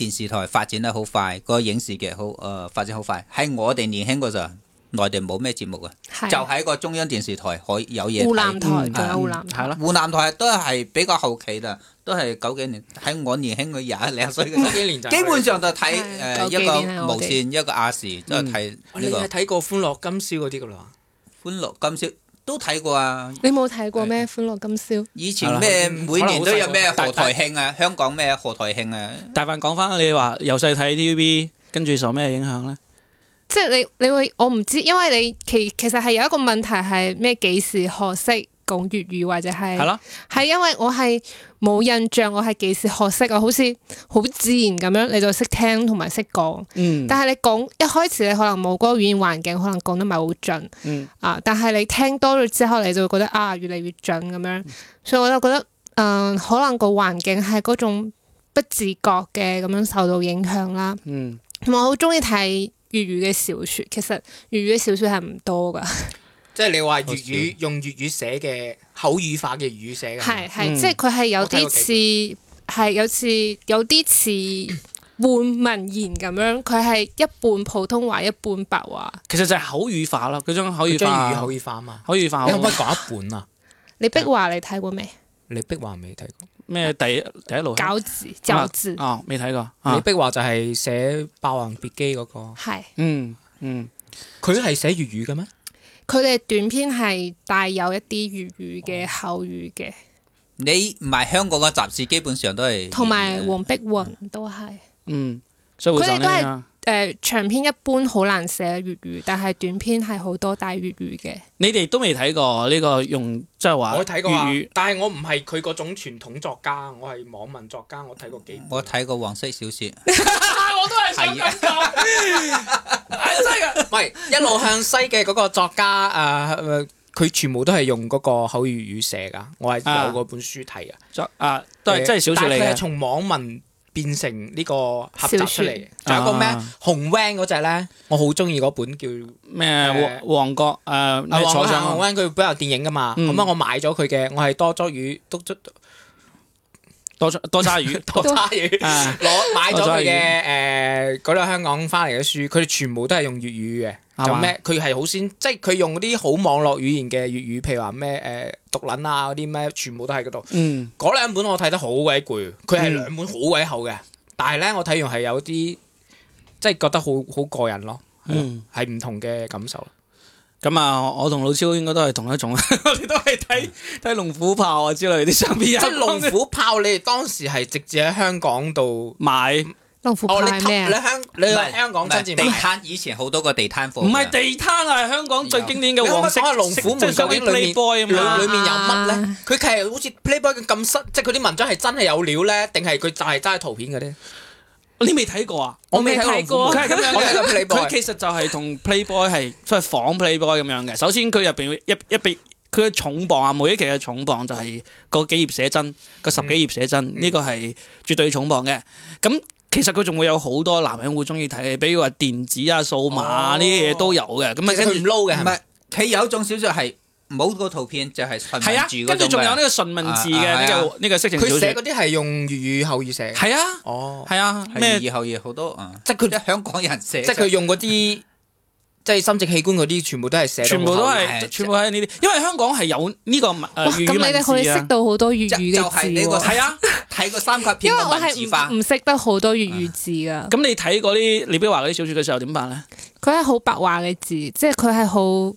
電視台發展得好快，個影視劇好誒，發展好快。喺我哋年輕嗰陣，內地冇咩節目啊，就喺個中央電視台可有嘢。湖南台，湖南台咯。湖南台都係比較後期啦，都係九幾年。喺我年輕嗰廿兩歲嗰陣，九幾年就基本上就睇誒一個無線一個亞視，即係睇呢個。你睇過《歡樂今宵》嗰啲噶啦，《歡樂今宵》。都睇過啊！你冇睇過咩《歡樂今宵》？以前咩每年都有咩賀台慶啊？香港咩賀台慶啊？大凡講翻，你話由細睇 TVB，跟住受咩影響咧？即係你你會我唔知，因為你其其實係有一個問題係咩幾時學識。講粵語或者係係咯，係的因為我係冇印象，我係幾時學識啊？我好似好自然咁樣，你就識聽同埋識講。嗯，但係你講一開始你可能冇嗰個語言環境，可能講得唔係好準。嗯啊，但係你聽多咗之後，你就會覺得啊，越嚟越準咁樣。嗯、所以我就覺得誒、呃，可能個環境係嗰種不自覺嘅咁樣受到影響啦。嗯，同埋我好中意睇粵語嘅小說，其實粵語嘅小說係唔多噶。 [laughs] 即係你話粵語用粵語寫嘅口語化嘅語寫嘅，係係即係佢係有啲似係有似有啲似半文言咁樣，佢係一半普通話一半白話。其實就係口語化咯，嗰種口語化，將粵語口語化啊嘛，口語化。可唔可以講一本啊？李碧華你睇過未？李碧華未睇過咩？第第一路？餃子？餃子啊，未睇過。李碧華就係寫《霸王別姬》嗰個，係嗯嗯，佢係寫粵語嘅咩？佢哋短篇係帶有一啲粵語嘅口語嘅，語你唔係香港嘅雜誌基本上都係。同埋黃碧雲都係。嗯，所以佢哋、啊、都係。誒、呃，長篇一般好難寫粵語，但係短篇係好多帶粵語嘅。你哋都未睇過呢個用，即係話我睇過粵語，但係我唔係佢嗰種傳統作家，我係網文作家，我睇過幾本。我睇過黃色小說， [laughs] [laughs] 我都係想咁講，係是、啊、 [laughs] [laughs] 真噶。唔係一路向西嘅嗰個作家，誒、呃，佢全部都係用嗰個口語語寫噶，我係有嗰本書睇啊，都係即係小說嚟嘅。從你網文你。變成呢個合集出嚟，仲、啊、有個咩紅 van 嗰隻咧，我好中意嗰本叫咩《呃、旺角》，誒、呃，坐上紅 van 佢本有電影噶嘛，咁啊、嗯、我買咗佢嘅，我係多咗於篤出。多多沙魚，多揸魚，攞 [laughs] 多 [laughs] 買咗佢嘅誒嗰兩香港翻嚟嘅書，佢哋全部都係用粵語嘅吧，就咩佢係好先，即係佢用啲好網絡語言嘅粵語，譬如話咩誒讀撚啊嗰啲咩，全部都喺嗰度。嗯，嗰兩本我睇得好鬼攰，佢係兩本好鬼厚嘅，嗯、但係咧我睇完係有啲即係覺得好好過癮咯，係唔、嗯、同嘅感受。咁啊、嗯，我同老超應該都係同一種， [laughs] 我哋都係睇睇《嗯、龍虎豹啊之類啲相片，即係《龍虎豹你哋當時係直接喺香港度買《龍虎豹》係咩啊？唔係香港真字地攤，以前好多個地攤貨。唔係地攤啊，係香港最經典嘅黃色。如果我想《說說龍虎門裡》裏面裏面有乜咧？佢、uh, 其實好似 Playboy 咁失，即係佢啲文章係真係有料咧，定係佢就係齋圖片嗰啲？你未睇過啊？我未睇過，佢 [laughs] 其實就係同 Playboy 係即係仿 Playboy 咁樣嘅。首先佢入邊一一佢嘅重磅啊，每一期嘅重磅就係嗰幾頁寫真，嗰十幾頁寫真呢、嗯、個係絕對重磅嘅。咁、嗯、其實佢仲會有好多男人會中意睇，嘅，比如話電子啊、數碼呢啲嘢都有嘅。咁啊、哦，跟住唔撈嘅，係咪？佢有一種小説係。冇個圖片就係純文字嗰種嘅。係啊，跟住仲有呢個純文字嘅呢個呢個色情小說。佢寫嗰啲係用粵語口語寫。係啊。哦。係啊。咩口語好多啊？即係佢香港人寫。即係佢用嗰啲，即係生殖器官嗰啲，全部都係寫。全部都係，全部係呢啲。因為香港係有呢個文，粵語文字啊。咁你哋可以識到好多粵語嘅字。就係呢個，係啊，睇過三級片嘅文字化。因為我係唔識得好多粵語字啊！咁你睇嗰啲李碧華嗰啲小說嘅時候點辦咧？佢係好白話嘅字，即係佢係好。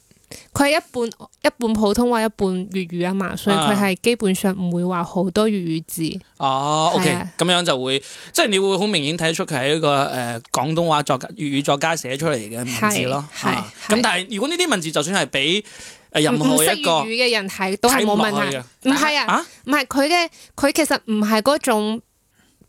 佢係一半一半普通話一半粵語啊嘛，所以佢係基本上唔會話好多粵語字。啊啊、哦，O K，咁樣就會，即係你會好明顯睇得出佢係一個誒廣東話作粵語作家寫出嚟嘅文字咯。係，咁但係如果呢啲文字就算係俾任何一個唔唔識粵語嘅人睇都係冇問題嘅，唔係啊，唔係佢嘅佢其實唔係嗰種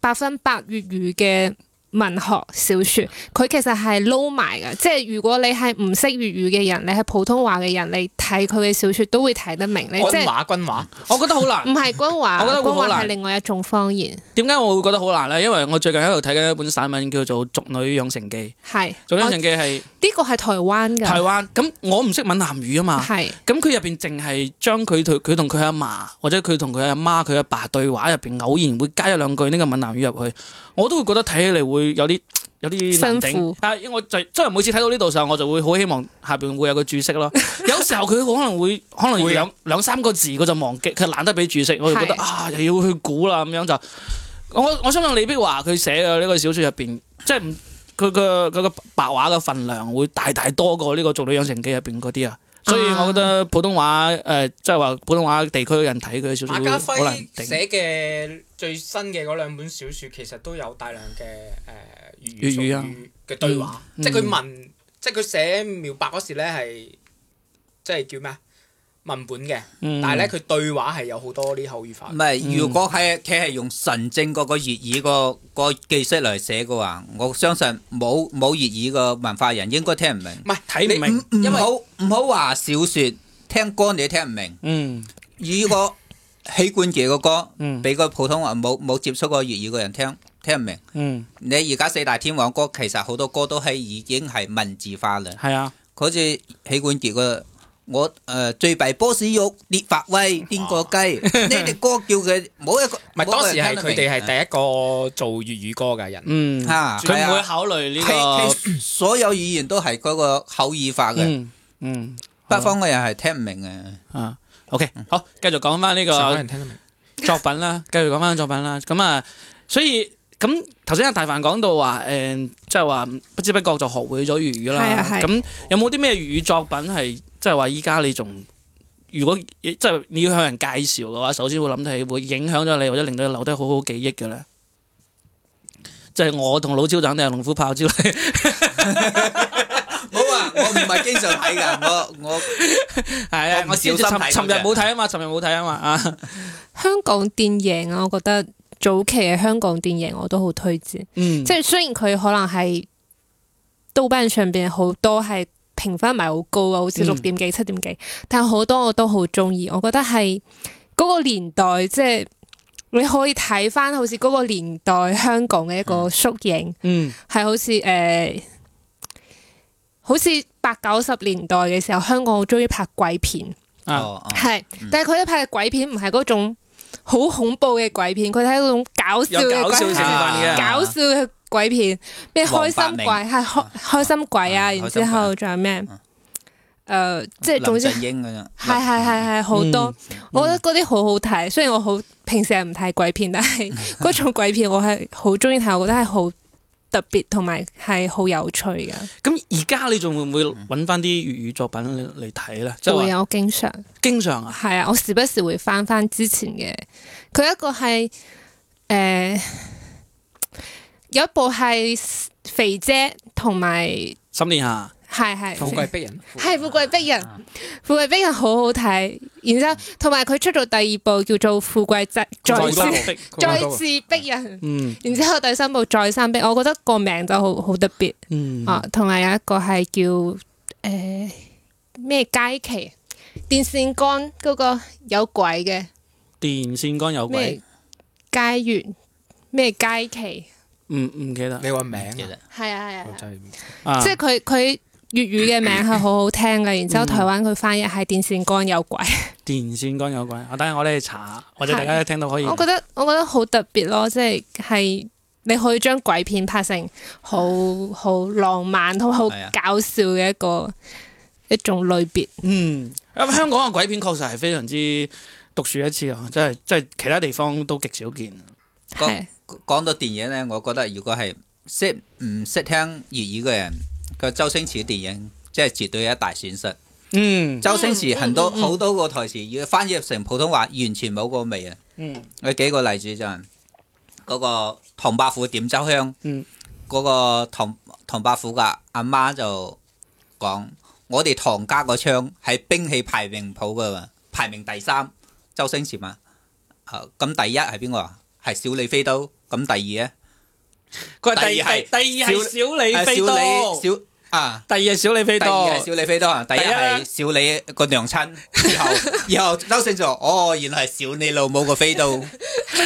百分百粵語嘅。文學小説，佢其實係撈埋嘅，即係如果你係唔識粵語嘅人，你係普通話嘅人，你睇佢嘅小説，都會睇得明。你官話即是、軍話，我覺得好難。唔係軍話，我覺得軍話係另外一種方言。點解我會覺得好難咧？因為我最近喺度睇緊一本散文，叫做《俗女養成記》。係是《俗女養成記》係呢個係台灣嘅。台灣咁，我唔識閩南語啊嘛。係咁是，佢入邊淨係將佢同佢同佢阿媽或者佢同佢阿媽佢阿爸，爸對話入邊，偶然會加一兩句呢個閩南語入去。我都會覺得睇起嚟會有啲有啲難頂，辛苦 但係我就真係每次睇到呢度時候，我就會好希望下邊會有個注釋咯。 [laughs] 有時候佢可能會可能會兩兩三個字，我就忘記，佢懶得俾注釋，我就覺得是的 啊，又要去估啦咁樣就。我我相信李碧華佢寫嘅呢個小説入邊，即係唔佢嘅佢白話嘅份量會大大多過呢、這個《俗女養成記》入邊嗰啲啊。所以，我覺得普通話誒即係話普通話地區嘅人睇佢小説，馬家輝寫嘅最新嘅兩本小說其實都有大量嘅誒誒粵語嘅對話，嗯、即係佢文即係佢寫描白時咧，係即係叫咩？文本嘅，但係咧佢對話係有好多啲口語化。唔係、嗯，如果係佢係用純正嗰個粵語個個記式嚟寫嘅話，我相信冇冇粵語嘅文化人應該聽唔明。唔係睇唔明，因為唔好唔好話小説聽歌你聽唔明。嗯，如果許冠傑嘅歌，嗯，俾個普通話冇冇接觸過粵語嘅人聽，聽唔明。嗯，你而家四大天王歌其實好多歌都係已經係文字化啦。係啊，好似許冠傑嘅。我誒最弊，波士玉列法威邊個雞？呢啲歌叫嘅冇一個。唔係當時係佢哋係第一個做粵語歌嘅人。嗯，吓佢唔會考慮呢個。所有語言都係嗰個口語化嘅。嗯，北方嘅人係聽唔明嘅。啊，OK，好，繼續講翻呢個。人聽作品啦，繼續講翻作品啦。咁啊，所以咁頭先阿大凡講到話，誒，即係話不知不覺就學會咗粵語啦。咁有冇啲咩粵語作品係？即係話依家，你仲如果即係你要向人介紹嘅話，首先會諗起會影響咗你，或者令到你留低好好記憶嘅咧。即係我同老超等定係龍虎豹之類。冇 [laughs] 啊，我唔係經常睇噶，我我係啊，我少少睇。昨日冇睇啊嘛，昨日冇睇啊嘛啊。 [laughs] 香港電影啊，我覺得早期嘅香港電影我都好推薦。即係、嗯、雖然佢可能係豆瓣上邊好多係。評分唔係好高啊，好似六點幾、七點幾，但係好多我都好中意，我覺得係嗰個年代，即係你可以睇翻，好似嗰個年代香港嘅一個縮影，嗯，係好似誒、呃，好似八九十年代嘅時候，香港好中意拍鬼片，哦，係，但係佢一拍嘅鬼片唔係嗰種好恐怖嘅鬼片，佢係嗰種搞笑嘅鬼片，搞笑。嘅、啊。鬼片咩開心鬼係開開心鬼啊，然之後仲有咩？誒，即係總之係係係係好多，我覺得嗰啲好好睇。雖然我好平時係唔睇鬼片，但係嗰種鬼片我係好中意睇，我覺得係好特別，同埋係好有趣嘅。咁而家你仲會唔會揾翻啲粵語作品嚟睇咧？會啊，我經常經常啊，係啊，我時不時會翻翻之前嘅。佢一個係誒。有一部係肥姐同埋沈殿霞是是，係係《富貴逼人》，係《富貴逼人》，《富貴逼人》好好睇。然之後同埋佢出到第二部叫做富貴《富貴再再次再次逼人》，嗯。然之後第三部再三逼，我覺得個名就好好特別，嗯。啊，同埋有一個係叫誒咩佳琪，電線杆嗰個有鬼嘅電線杆有鬼佳源咩佳琪。唔唔記得，你話名啊？係啊係啊，啊即係佢佢粵語嘅名係好好聽嘅，然之後台灣佢翻譯係電線杆有鬼。嗯嗯、電線杆有鬼，等我等下我哋查，或者大家聽到可以。啊、我覺得我覺得好特別咯，即係係你可以將鬼片拍成好好、啊、浪漫、好好搞笑嘅一個、啊、一種類別。嗯，咁香港嘅鬼片確實係非常之獨樹一幟啊！即係即係其他地方都極少見。講講到電影呢，我覺得如果係識唔識聽粵語嘅人，個周星馳嘅電影，即係絕對一大損失。嗯，mm. 周星馳很多好、mm. 多個台詞要翻譯成普通話，完全冇個味啊。嗯，我幾個例子就，嗰、那個唐伯虎點秋香。嗰、mm. 個唐唐伯虎噶阿媽就講：我哋唐家個槍係兵器排名譜嘅排名第三。周星馳嘛，啊咁、嗯、第一係邊個啊？係小李飛刀，咁第二咧？佢第二係第二係小李飛刀，小啊，第二係小李飛刀，二係小李飛刀啊！第一係小李個娘親，然後，然後周星馳哦，原來係小你老母個飛刀，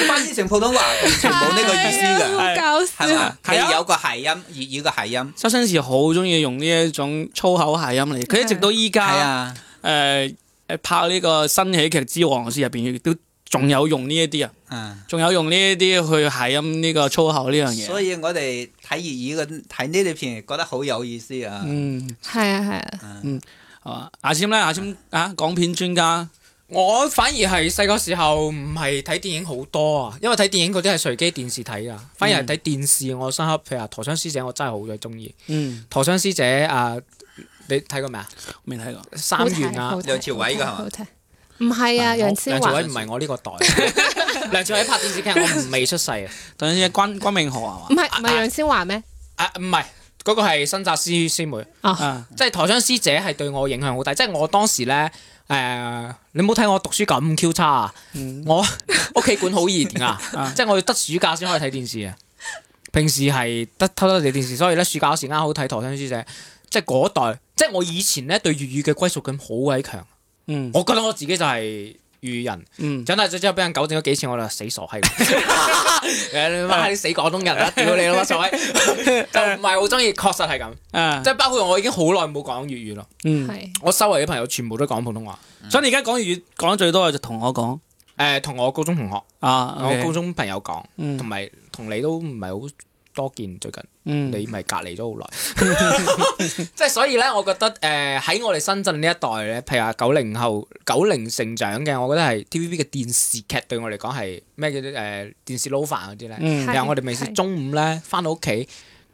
翻譯成普通話，全冇呢個意思噶，係嘛？係有個諧音，粵語個諧音。周星馳好中意用呢一種粗口諧音嚟，佢一直到依家，誒誒拍呢個新喜劇之王時入邊都。仲有用呢一啲啊，仲、啊、有用呢一啲去喺咁呢個粗口呢樣嘢。所以我哋睇粵語嘅睇呢啲片，覺得好有意思啊。嗯，係、嗯、啊，係、嗯、啊。嗯，係嘛。阿簽咧，阿簽啊，港、啊啊、片專家。我反而係細個時候唔係睇電影好多啊，因為睇電影嗰啲係隨機電視睇啊。反而係睇電視，我深刻。譬如話《陀槍師姐》，我真係好鬼中意。嗯，《陀槍師姐》啊，你睇過未啊？未睇過。三元啊，梁朝偉噶係嘛？唔係啊，楊千。梁朝偉唔係我呢個代。 [laughs] 梁朝偉拍電視劇，我唔未出世啊。等陣先，關關詠荷係嘛？唔係唔係楊千嬅咩？啊，唔係，嗰、那個係新紮師師妹。哦啊、即係陀槍師姐係對我影響好大。即係我當時咧，誒、呃，你冇睇我讀書咁 q 差啊？嗯、我屋企管好嚴啊，即係我要得暑假先可以睇電視啊。平時係得偷偷哋睇電視，所以咧暑假嗰時啱好睇陀槍師姐。即係嗰代，即係我以前咧對粵語嘅歸屬感好鬼強。嗯，我覺得我自己就係語人，嗯，但係最後俾人糾正咗幾次，我就死傻閪，你媽係死廣東人啦，屌你老媽傻閪，就唔係好中意，確實係咁，即係包括我已經好耐冇講粵語咯，嗯，係，我周圍嘅朋友全部都講普通話，所以你而家講粵語講得最多嘅就同我講，誒，同我高中同學啊，我高中朋友講，同埋同你都唔係好。多見最近，嗯、你咪隔離咗好耐，即 [laughs] 係所以咧，我覺得誒喺、呃、我哋深圳呢一代咧，譬如話九零後、九零成長嘅，我覺得係 TVB 嘅電視劇對我嚟講係咩叫做誒、呃、電視撈飯嗰啲咧？其實、嗯、我哋未食中午咧，翻到屋企。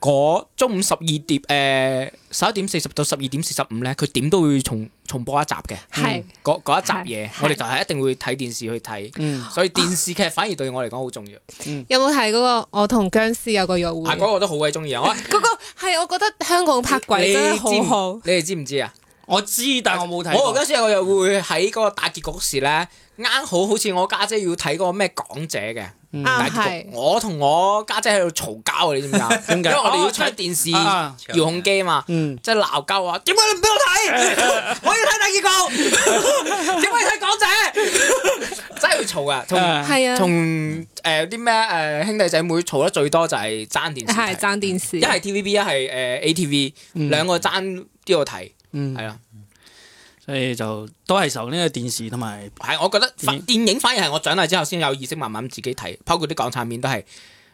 嗰中午十二點，誒十一點四十到十二點四十五咧，佢點都會重重播一集嘅，嗰是、嗯、一集嘢，我哋就係一定會睇電視去睇，嗯、所以電視劇反而對我嚟講好重要。嗯、有冇睇嗰個我同僵屍有個約會？啊、嗯，嗰、嗰個我都好鬼中意啊！嗰個係我覺得香港拍鬼真係好好，你哋知唔知啊？我知，但我冇睇。我嗰時我又會喺嗰個大結局時咧，啱好好似我家姐要睇嗰個咩港姐嘅大結局。我同我家姐喺度嘈交，你知唔知啊？因為我哋要搶電視遙控機嘛，即係鬧交啊！點解你唔俾我睇？我要睇大結局，點解要睇港姐？真係會嘈噶，同係啊，同誒啲咩誒兄弟姐妹嘈得最多就係爭電視，係爭電視，一係 T V B，一係誒 A T V，兩個爭呢個睇。嗯，係啊，所以就都係受呢個電視同埋，係我覺得電影反而係我長大之後先有意識慢慢自己睇，包括啲港產片都係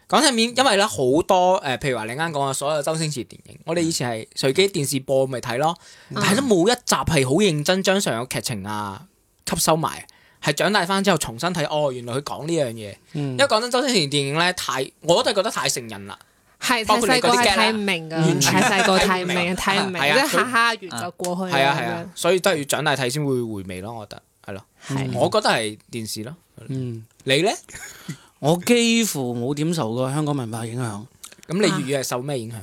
港產片，因為咧好多誒、呃，譬如話你啱講嘅所有周星馳電影，我哋以前係隨機電視播咪睇咯，但係、嗯、都冇一集係好認真將上個劇情啊吸收埋，係長大翻之後重新睇，哦原來佢講呢樣嘢，因為講真周星馳電影咧太，我都係覺得太成人啦。係細個睇唔明噶，睇細個睇唔明，睇唔明，即係下下完就過去。係啊係啊，所以都係要長大睇先會回味咯，我覺得係咯。我覺得係電視咯。嗯，你咧？我幾乎冇點受過香港文化影響。咁你粵語係受咩影響？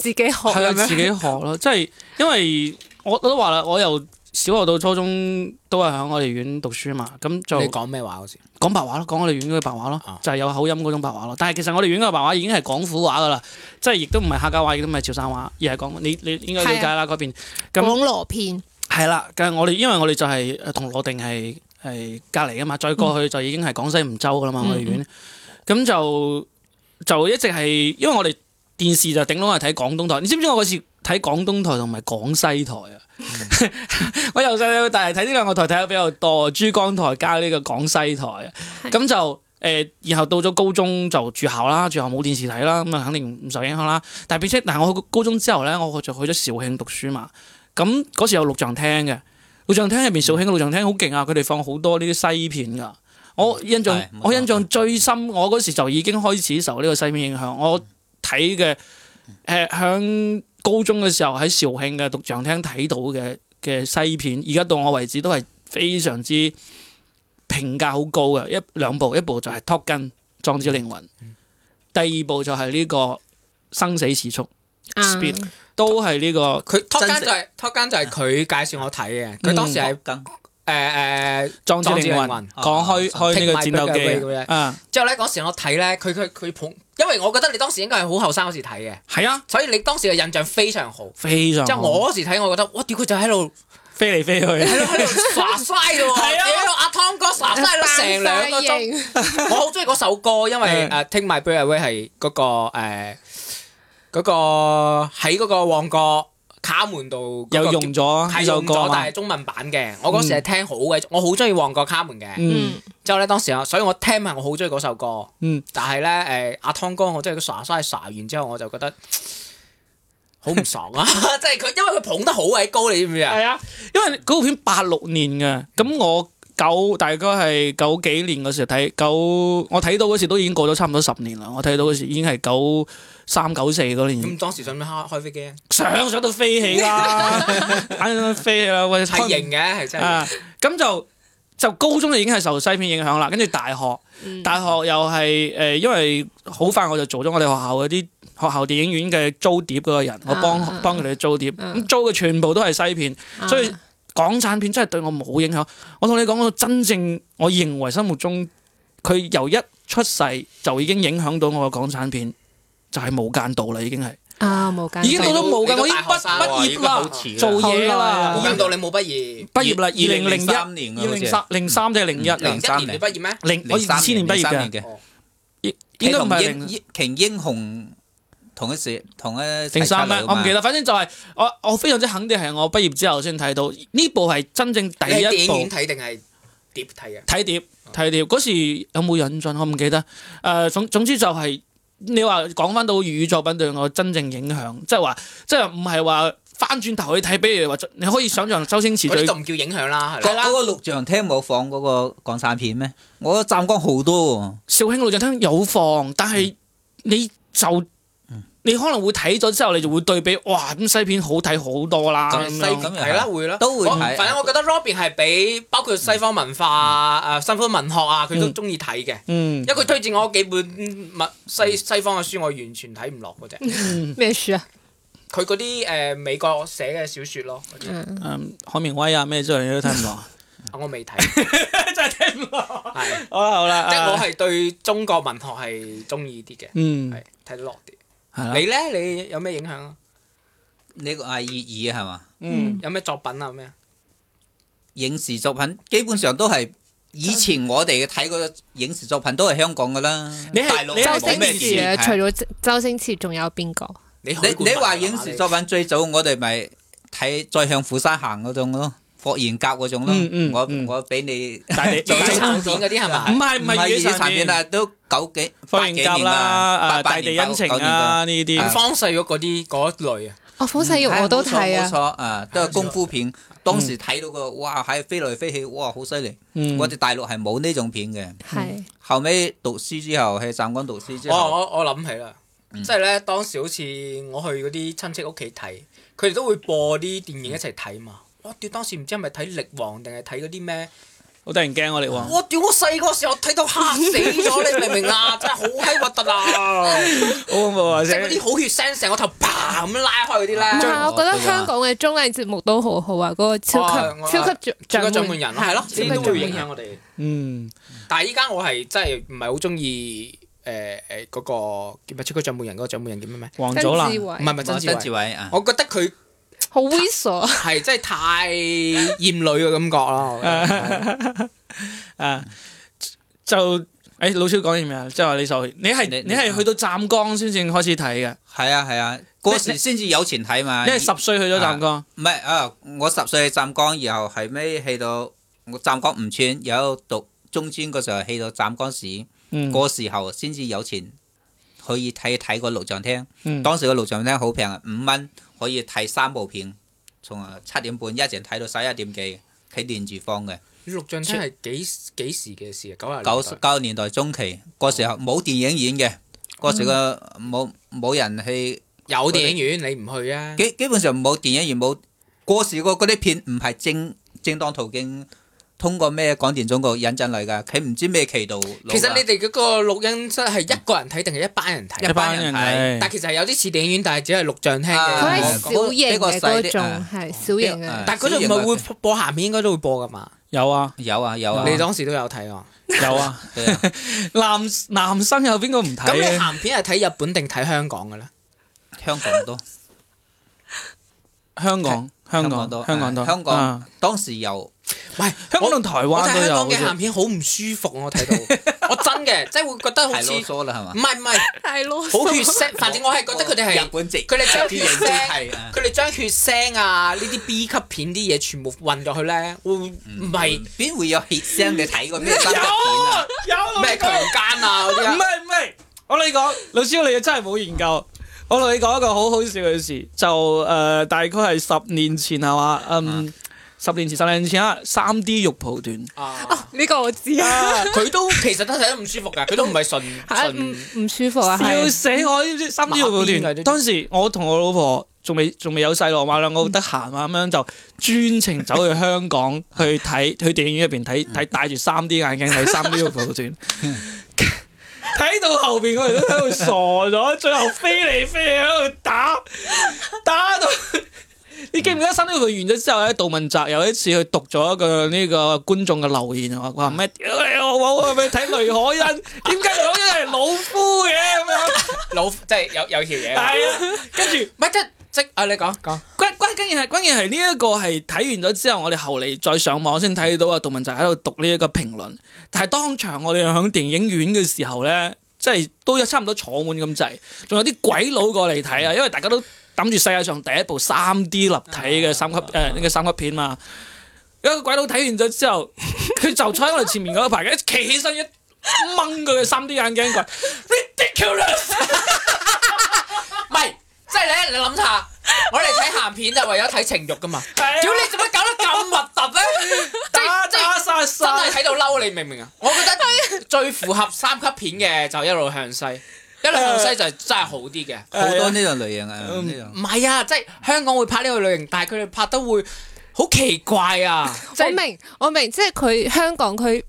自己學？係啊，自己學咯，即係因為我我都話啦，我又。小學到初中都係喺我哋縣讀書嘛，咁就你講咩話嗰時？講白話咯，講我哋縣嗰個白話咯，啊、就係有口音嗰種白話咯。但係其實我哋縣嘅白話已經係廣府話噶啦，即係亦都唔係客家話，亦都唔係潮汕話，而係講你你應該理解啦嗰邊。廣羅片係啦，咁我哋因為我哋就係同羅定係係隔籬噶嘛，再過去就已經係廣西梧州噶啦嘛，我哋縣，咁、嗯、哼就就一直係因為我哋。電視就頂多係睇廣東台，你知唔知我嗰時睇廣東台同埋廣西台啊？ [laughs] 我由細到大係睇呢兩個台睇得比較多，珠江台加呢個廣西台，咁就誒，然後到咗高中就住校啦，住校冇電視睇啦，咁啊肯定唔受影響啦。但係 besides 但我去高中之後咧，我就去咗肇慶讀書嘛，咁嗰時有錄像廳嘅，錄像廳入邊肇慶嘅錄像廳好勁啊，佢哋、嗯、放好多呢啲西片噶。嗯、我印象唉我印象最深，我嗰時就已經開始受呢個西片影響，我。睇嘅，誒，響、呃、高中嘅時候喺肇慶嘅錄像廳睇到嘅嘅西片，而家到我為止都係非常之評價好高嘅，一兩部，一部就係《托根壯志凌雲》，第二部就係呢個,、嗯呢個《生死時速》就係，都係呢個佢《托根》就係《托根》就係佢介紹我睇嘅，佢、嗯、當時係。嗯誒誒，壯志凌雲講開開呢個戰鬥機，嗯，之後咧嗰時我睇咧，佢佢佢捧，因為我覺得你當時應該係好後生嗰時睇嘅，係啊，所以你當時嘅印象非常好，非常。即係我嗰時睇，我覺得哇屌佢就喺度飛嚟飛去，喺度喺度耍晒嘅喎，屌喺度阿 Tom 哥耍，真係成兩個鐘。我好中意嗰首歌，因為誒《Take My Breath Away》係嗰個誒個喺嗰個旺角。卡門度又用咗，係用咗，首歌但係中文版嘅。我嗰時係聽好鬼，我好中意旺角卡門嘅。之後咧，當時啊，所以我聽埋我好中意嗰首歌。嗯、但係咧，誒、啊，阿湯哥我真係耍晒耍，完之後我就覺得好唔爽啊！即係佢，因為佢捧得好鬼高，你知唔知啊？係啊，因為嗰部片八六年嘅，咁我九，大概係九幾年嗰時候睇，九我睇到嗰時都已經過咗差唔多十年啦。我睇到嗰時已經係九。三九四嗰年，咁當時想唔想開開飛機啊？想想到飛起啦，反正 [laughs] 飛啦。係型嘅，係真係咁，就就高中就已經係受西片影響啦。跟住大學，嗯、大學又係誒、呃，因為好快我就做咗我哋學校嗰啲學校電影院嘅租碟嗰個人，我幫、啊、幫佢哋租碟咁、嗯、租嘅全部都係西片，所以港產片真係對我冇影響。嗯嗯、我同你講，我真正我認為生活中佢由一出世就已經影響到我嘅港產片。就係無間道啦，已經係啊，無間已經到咗無間道噶，我已經畢畢業啦，做嘢啦。無間道你冇畢業，畢業啦。二零零一年嘅好似係零三，零三定係零一？零三年你畢業咩？零我二千年畢業嘅。依都唔係瓊英雄同一時，同一零三咩？我唔記得，反正就係我我非常之肯定係我畢業之後先睇到呢部係真正第一部。喺電影院睇定係碟睇啊？睇碟睇碟嗰時有冇引進？我唔記得。誒總總之就係。你話講翻到粵語作品對我真正影響，即係話，即係唔係話翻轉頭去睇，比如話你可以想象周星馳就唔叫影響啦，係啦。嗰個錄像廳冇放嗰個港產片咩？我覺得湛江好多喎。肇慶錄像廳有放，但係你就。嗯你可能會睇咗之後，你就會對比，哇！咁西片好睇好多啦，係啦，會啦，都會睇。反正我覺得 Robin 係比包括西方文化啊、誒新歡文學啊，佢都中意睇嘅。因為佢推薦我幾本西西方嘅書，我完全睇唔落嗰隻。咩書啊？佢嗰啲誒美國寫嘅小説咯，海明威啊咩之類嘅都睇唔落。我未睇，真係聽唔落。係，好啦好啦，即係我係對中國文學係中意啲嘅，嗯，係睇得落啲。你咧？你有咩影響啊？你個係粵語係嘛？嗯，有咩作品啊？咩？影視作品基本上都係以前我哋睇過嘅影視作品都係香港噶啦。你係是陸你係冇咩意思啊？周星馳，除咗周星馳，仲有邊個？你你話影視作品你最早我哋咪睇《再向虎山行》嗰種咯。霍元甲嗰種咯，我我俾你。大李片嗰啲係咪？唔係唔係熱血片啊，都九幾、八幾年啦，大地恩情啊呢啲。方世玉嗰啲嗰類啊。哦，方世玉我都睇啊，冇錯啊，都係功夫片。當時睇到個哇，喺飛來飛去，哇，好犀利。嗯。我哋大陸係冇呢種片嘅。係。後尾讀書之後喺湛江讀書之後，我我我諗起啦，即係咧，當時好似我去嗰啲親戚屋企睇，佢哋都會播啲電影一齊睇嘛。我屌，當時唔知係咪睇力王定係睇嗰啲咩？好突然驚我力王！我屌，我細個時候睇到嚇死咗你明唔明啊？真係好閪核突啊！好恐怖啊！即係嗰啲好血腥，成個頭啪咁拉開嗰啲啦。唔係，我覺得香港嘅綜藝節目都好好啊，嗰個超強超級掌門人，係咯，影響我哋。嗯，但係依家我係真係唔係好中意。誒誒，嗰個叫咩？超級掌門人？嗰個掌門人叫咩？王祖藍？唔係，係咪曾志偉？我覺得佢好猥瑣，係真係太厭女嘅感覺啦！覺哎、 [noise] 啊，就誒，老超講完咩？即係話你首，你係你係去到湛江先至開始睇嘅，係啊係啊，嗰時先至有錢睇嘛。因為十歲去咗湛江，唔係啊，啊，我十歲去湛江，然後後尾去到我湛江吳川，有讀中專嗰時候去到湛江市，嗰時候先至有錢可以睇睇個錄像廳，嗯，當時個錄像廳好平啊，五蚊。可以睇三部片，從七點半一直睇到十一點幾，睇連住放嘅。錄像機係幾幾時嘅事？九廿九九十年代中期，嗰、哦、時候冇電影院嘅，嗰時個冇冇人去。有電影院你唔去啊？基基本上冇電影院冇，過時個嗰啲片唔係正正當途徑。通過咩廣電總局引進嚟噶？佢唔知咩渠道。其實你哋嗰個錄音室係一個人睇定係一班人睇？一班人睇。但其實係有啲似電影院，但係只係錄像廳。佢係小型嘅嗰種，係小型嘅。但佢就唔係會播鹹片，應該都會播噶嘛？有啊，有啊，有啊。你當時都有睇啊？有啊。男男生有邊個唔睇？咁你鹹片係睇日本定睇香港嘅咧？香港多。香港，香港多，香港多。香港當時有。唔係，香港同台灣都有。香港嘅鹹片好唔舒服，我睇到，我真嘅，即係會覺得好囉嗦咯。啦係嘛？唔係唔係。係咯。好血腥。反正我係覺得佢哋係日本籍，佢哋將血腥，佢哋將血腥啊呢啲 B 級片啲嘢全部混落去咧，會唔係邊會有血腥？你睇過咩片啊？有。咩強奸啊嗰啲啊？唔係唔係，我同你講，老師你真係冇研究。我同你講一個好好笑嘅事，就誒大概係十年前係嘛嗯。十年前、十年前啊，三 D 肉蒲團啊，呢個我知啊，佢都其實都睇得唔舒服嘅，佢都唔係純純唔舒服啊，笑死我，呢啲三 D 肉蒲團？當時我同我老婆仲未仲未有細路，話兩個好得閒啊，咁樣就專程走去香港去睇去電影院入邊睇睇戴住三 D 眼鏡睇三 D 肉蒲團，睇到後邊我哋都睇到傻咗，最後飛嚟飛去喺度打打到。你記唔記得《新呢？佢完咗之後，喺杜汶澤有一次去讀咗一個呢個觀眾嘅留言，話話咩你我冇去睇雷海欣，點解老一係老夫嘅咁樣？老 [laughs] 即係有有條嘢。係 [laughs] 啊，跟住乜？即即啊，你講講。關說關，關鍵係關鍵係呢一個係睇完咗之後，我哋後嚟再上網先睇到啊。杜汶澤喺度讀呢一個評論，但係當場我哋響電影院嘅時候咧，即係都有差唔多坐滿咁滯，仲有啲鬼佬過嚟睇啊，因為大家都。諗住世界上第一部 3D 立體嘅三級誒呢個三級片嘛，一個鬼佬睇完咗之後，佢就坐喺我哋前面嗰排一企起身一掹佢嘅 3D 眼鏡佢，ridiculous，唔係，即係咧，你諗下，我哋睇咸片就為咗睇情欲噶嘛，屌你做乜搞得咁核突咧，即係即係真係睇到嬲你明唔明啊？我覺得最符合三級片嘅就一路向西。馬來西亞就真係好啲嘅，好多呢種類型啊！唔係啊，即係香港會拍呢個類型，但係佢哋拍得會好奇怪啊！我明我明，即係佢香港佢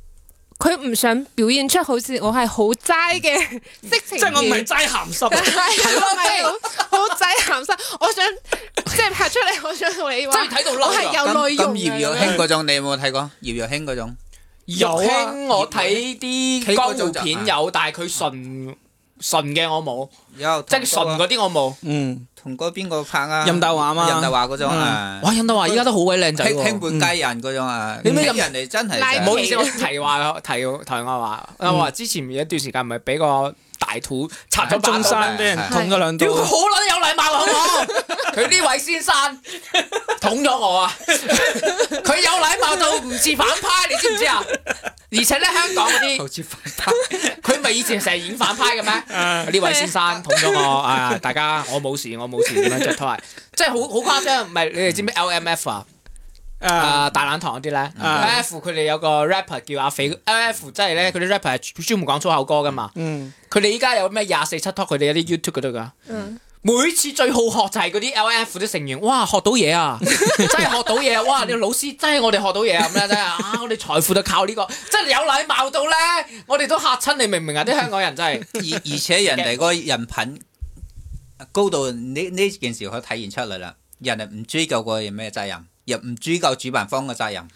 佢唔想表現出好似我係好齋嘅色情，即係我唔係齋鹹濕，係係好好齋鹹濕。我想即係拍出嚟，我想同你話，即係睇到囉。我係有內容，葉若卿嗰種你有冇睇過？葉若卿嗰種有啊，我睇啲江湖片有，但係佢純。純嘅我冇，有即係純嗰啲我冇。嗯，同嗰邊個拍啊？任達華嘛？任達華嗰種啊。哇，任達華依家都好鬼靚仔喎，聽本街人嗰種啊。你咩咁人哋真係？唔好意思，我提話提提我話我話之前有一段時間唔係俾個大肚插咗中山，俾人捅咗兩刀。好捻有禮貌，好唔好？佢呢位先生捅咗我啊！佢有禮貌到唔似反派，你知唔知啊？而且咧，香港嗰啲，佢唔係以前成日演反派嘅咩？呢、uh, 位先生捅咗我、uh, 啊！大家，我冇事，我冇事咁樣着拖，即係好好誇張。唔係你哋知唔知 L M F 啊？啊、uh, uh,，大懶堂嗰啲咧，L F 佢哋有個 rapper 叫阿肥，L F 即係咧佢啲 rapper 係專門講粗口歌噶嘛。佢哋依家有咩廿四七 talk 佢哋有啲 YouTube 嗰度噶。Uh, uh, uh. 每次最好學就係嗰啲 LF 啲成員，哇，學到嘢啊, [laughs] 啊,啊，真係學到嘢，哇！你老師真係我哋學到嘢啊，咁樣真係啊！我哋財富都靠呢、這個，真係有禮貌到咧，我哋都吓親，你明唔明啊？啲香港人真係，而而且人哋個人品高度，你呢件事可以體現出嚟啦。人哋唔追究過咩責任，又唔追究主辦方嘅責任。啊、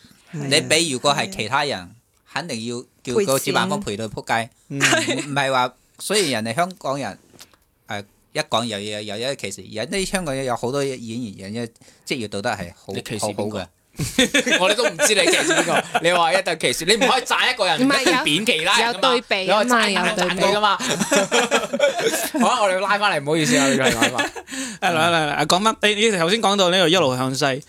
你比如果係其他人，啊、肯定要叫個主辦方賠到仆街，唔係話。雖然、嗯、 [laughs] 人哋香港人。 [laughs] [laughs] 一講又有又有歧視，而家呢，香港有好多演員，人嘅職業道德係好好嘅。我哋都唔知你歧視呢個，你話一對歧視，你唔可以贊一個人，唔可以貶其啦。有對比啊嘛，有對比噶嘛。好，啦，我哋拉翻嚟，唔好意思啊，誒誒誒，講返，你頭先講到呢度一路向西，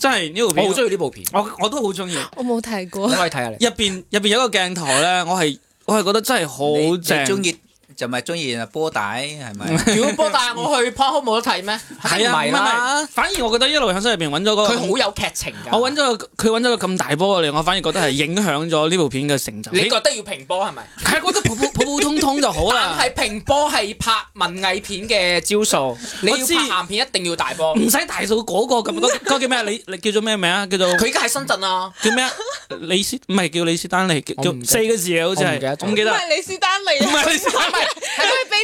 真係呢部片，我好中意呢部片，我我都好中意。我冇睇過，我可以睇下你入邊入邊有一個鏡頭咧，我係我係覺得真係好正。中意？就咪中意波大係咪？如果波大，我去 Parkhouse 冇得睇咩？係啊，唔係唔係，反而我覺得一路向西入邊揾咗個，佢好有劇情噶。我揾咗個，佢揾咗個咁大波嚟，我反而覺得係影響咗呢部片嘅成就。你覺得要平波係咪？係覺得普普通通就好啦。係平波係拍文藝片嘅招數。你要拍鹹片一定要大波，唔使大到嗰個咁多。嗰個叫咩啊？你，你叫做咩名啊？叫做佢而家喺深圳啊。叫咩啊？李斯唔係叫李斯丹妮，叫四個字啊，好似。唔記得。唔記得。唔係李斯丹妮。唔係李斯丹妮。係咪俾